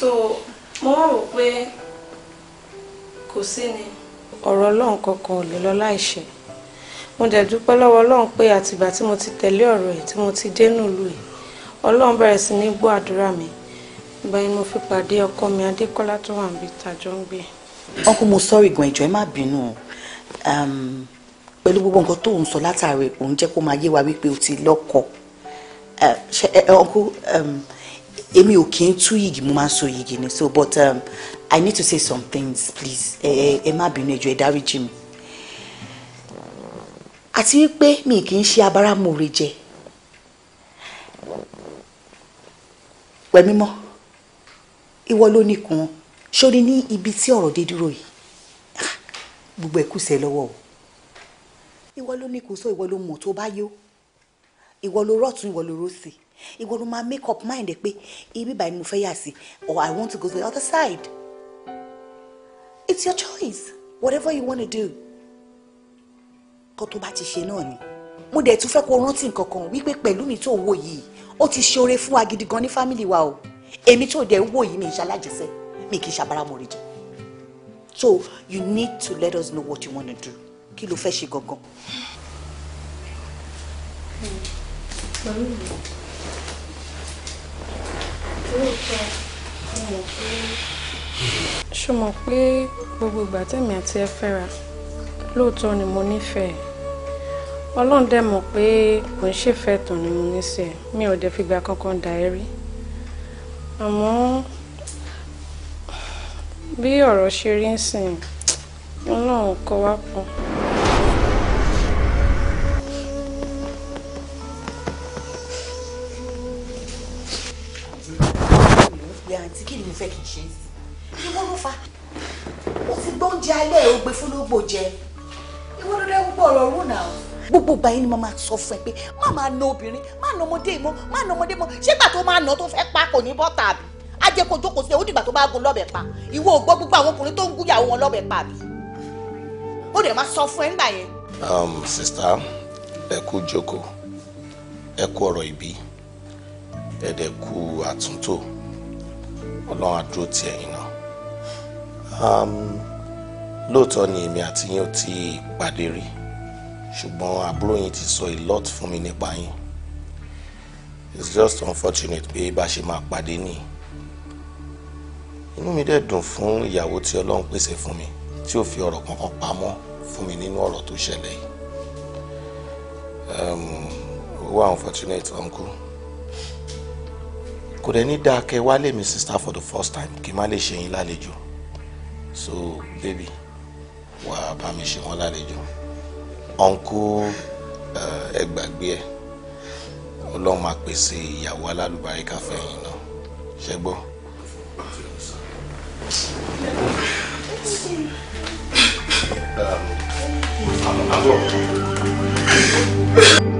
so mo wọ́n rò pé kò sí ni. ọ̀rọ̀ ọlọ́run kankan ò lè lọ láìṣẹ mo dẹ̀ dúpẹ́ lọ́wọ́ ọlọ́run pé àtìgbà tí mo ti tẹ̀lé ọ̀rọ̀ ẹ̀ tí mo ti dé nílùú ẹ̀ ọlọ́run bẹ̀rẹ̀ sí ní gbọ́ àdúrà mi ìgbà yẹn mo fi pàdé ọkọ mi adékọ́lá tó wà níbi tàjọ ń gbé. uncle mo sorry gan ìjọ ẹ má bínú pẹ̀lú gbogbo nǹkan tó ń sọ látàrí òun jẹ́ kó máa yé wa wípé o ti lọ́kọ̀ọ́ Eh, eh, uncle um, èmi ò kí ń tú yìgì mo máa ń sọ ni so but um, I need to say some things please eh, ẹ má bínú ẹ jọ̀ọ́ ẹ dáríjì mi àti wípé mi kì í ṣe abáramòore jẹ pẹ̀mímọ́ ìwọ ló nìkan sórí ní ibi tí ọ̀rọ̀ dé dúró yìí ah, gbogbo ẹ̀kúsẹ̀ lọ́wọ́ o ìwọ ló nìkan sọ ìwọ ló mọ̀ tó bá yó ìwọ ló rọ̀tún ìwọ ló rọ̀sì ìwọ ló máa make up mind ẹ pé ibi báyìí mo fẹ́ yà sí or i want to go to the other side it's your choice whatever you wanna do kó tó bá ti ṣe náà ni mo dẹ̀ tún fẹ́ kó rántí nǹkan kan wípé pẹ̀lú mi tó wò yìí ó ti ṣoore fún wa gidi gan ní fámìlì wa o èmi tó dẹ̀ wò yìí mi ń ṣalájẹsẹ́ mi kì í ṣàbára mọ̀ rìjì so you need to let us know what you wanna do kí ló fẹ́ ṣe gangan. Hmm pẹ̀lú mi lóòótọ́ mo mọ̀ pé. ṣó mọ̀ pé gbogbo ìgbà tẹ̀mí àti ẹ fẹ́ra lóòótọ́ ni mo nífẹ̀ẹ́ ọlọ́run dẹ̀ mọ̀ pé kò ń ṣèfẹ́ tàn ni mo ní mi ò dẹ̀ fìgbà kankan dà ẹ́ rí àmọ́ bí ọ̀rọ̀ ṣe rí ń sìn ọlọ́run kọ wá pọ̀. ló fẹ́ kí n ṣe é ìwọ ló fa ó ti gbóúnjẹ alẹ́ ò fún lógbò jẹ ìwọ ló dẹ́wọ́ bọ̀ ọ̀rọ̀ rúnà o. gbogbo ìgbà yín ni mo máa sọ fún ẹ pé má máa na obìnrin má na ọmọdé mọ́ má na ọmọdé mọ́ ṣé gbà tó máa nà tó fẹ́ pa kò ní bọ́ tàbí ajẹ́ kó jókòó sílẹ̀ ó dìgbà tó bá gun lọ́bẹ̀ pa ìwọ ò gbọ́ gbogbo àwọn ọkùnrin tó ń gúnyàwó wọn lọ́bẹ̀ pa bí ó dẹ̀ máa sọ fún ẹ nígbà yẹn. Um, sista ẹ kú jókòó ẹ kú ọ̀rọ̀ ìbí ẹ dẹ̀ kú àtúntò ọlọ́run àdúró ti ẹ̀yìn náà um, lóòótọ́ ni èmi àti yín ò tí ì pàdé rí ṣùgbọ́n àbúrò yín ti sọ a lot fún mi nípa yín it's just unfortunate pé bá ṣe máa pàdé nìyí inú mi dẹ̀ dùn fún ìyàwó tí ọlọ́run pèsè fún mi tí ò fi ọ̀rọ̀ kankan pamọ́ fún mi nínú ọ̀rọ̀ tó ṣẹlẹ̀ yìí um, ó unfortunate uncle kò dẹ̀ ní dáa kẹ́ wálé mi sister for the first time kí n má lè ṣe yín lálejò so baby wà á bá mi ṣe wọ́n lálejò ọ̀nkú eh, ẹgbàgbé ẹ̀ ọlọ́run máa pèsè ìyàwó alálùbáríkà fẹ̀yìn náà ṣe gbọ́. Um, I'm, I'm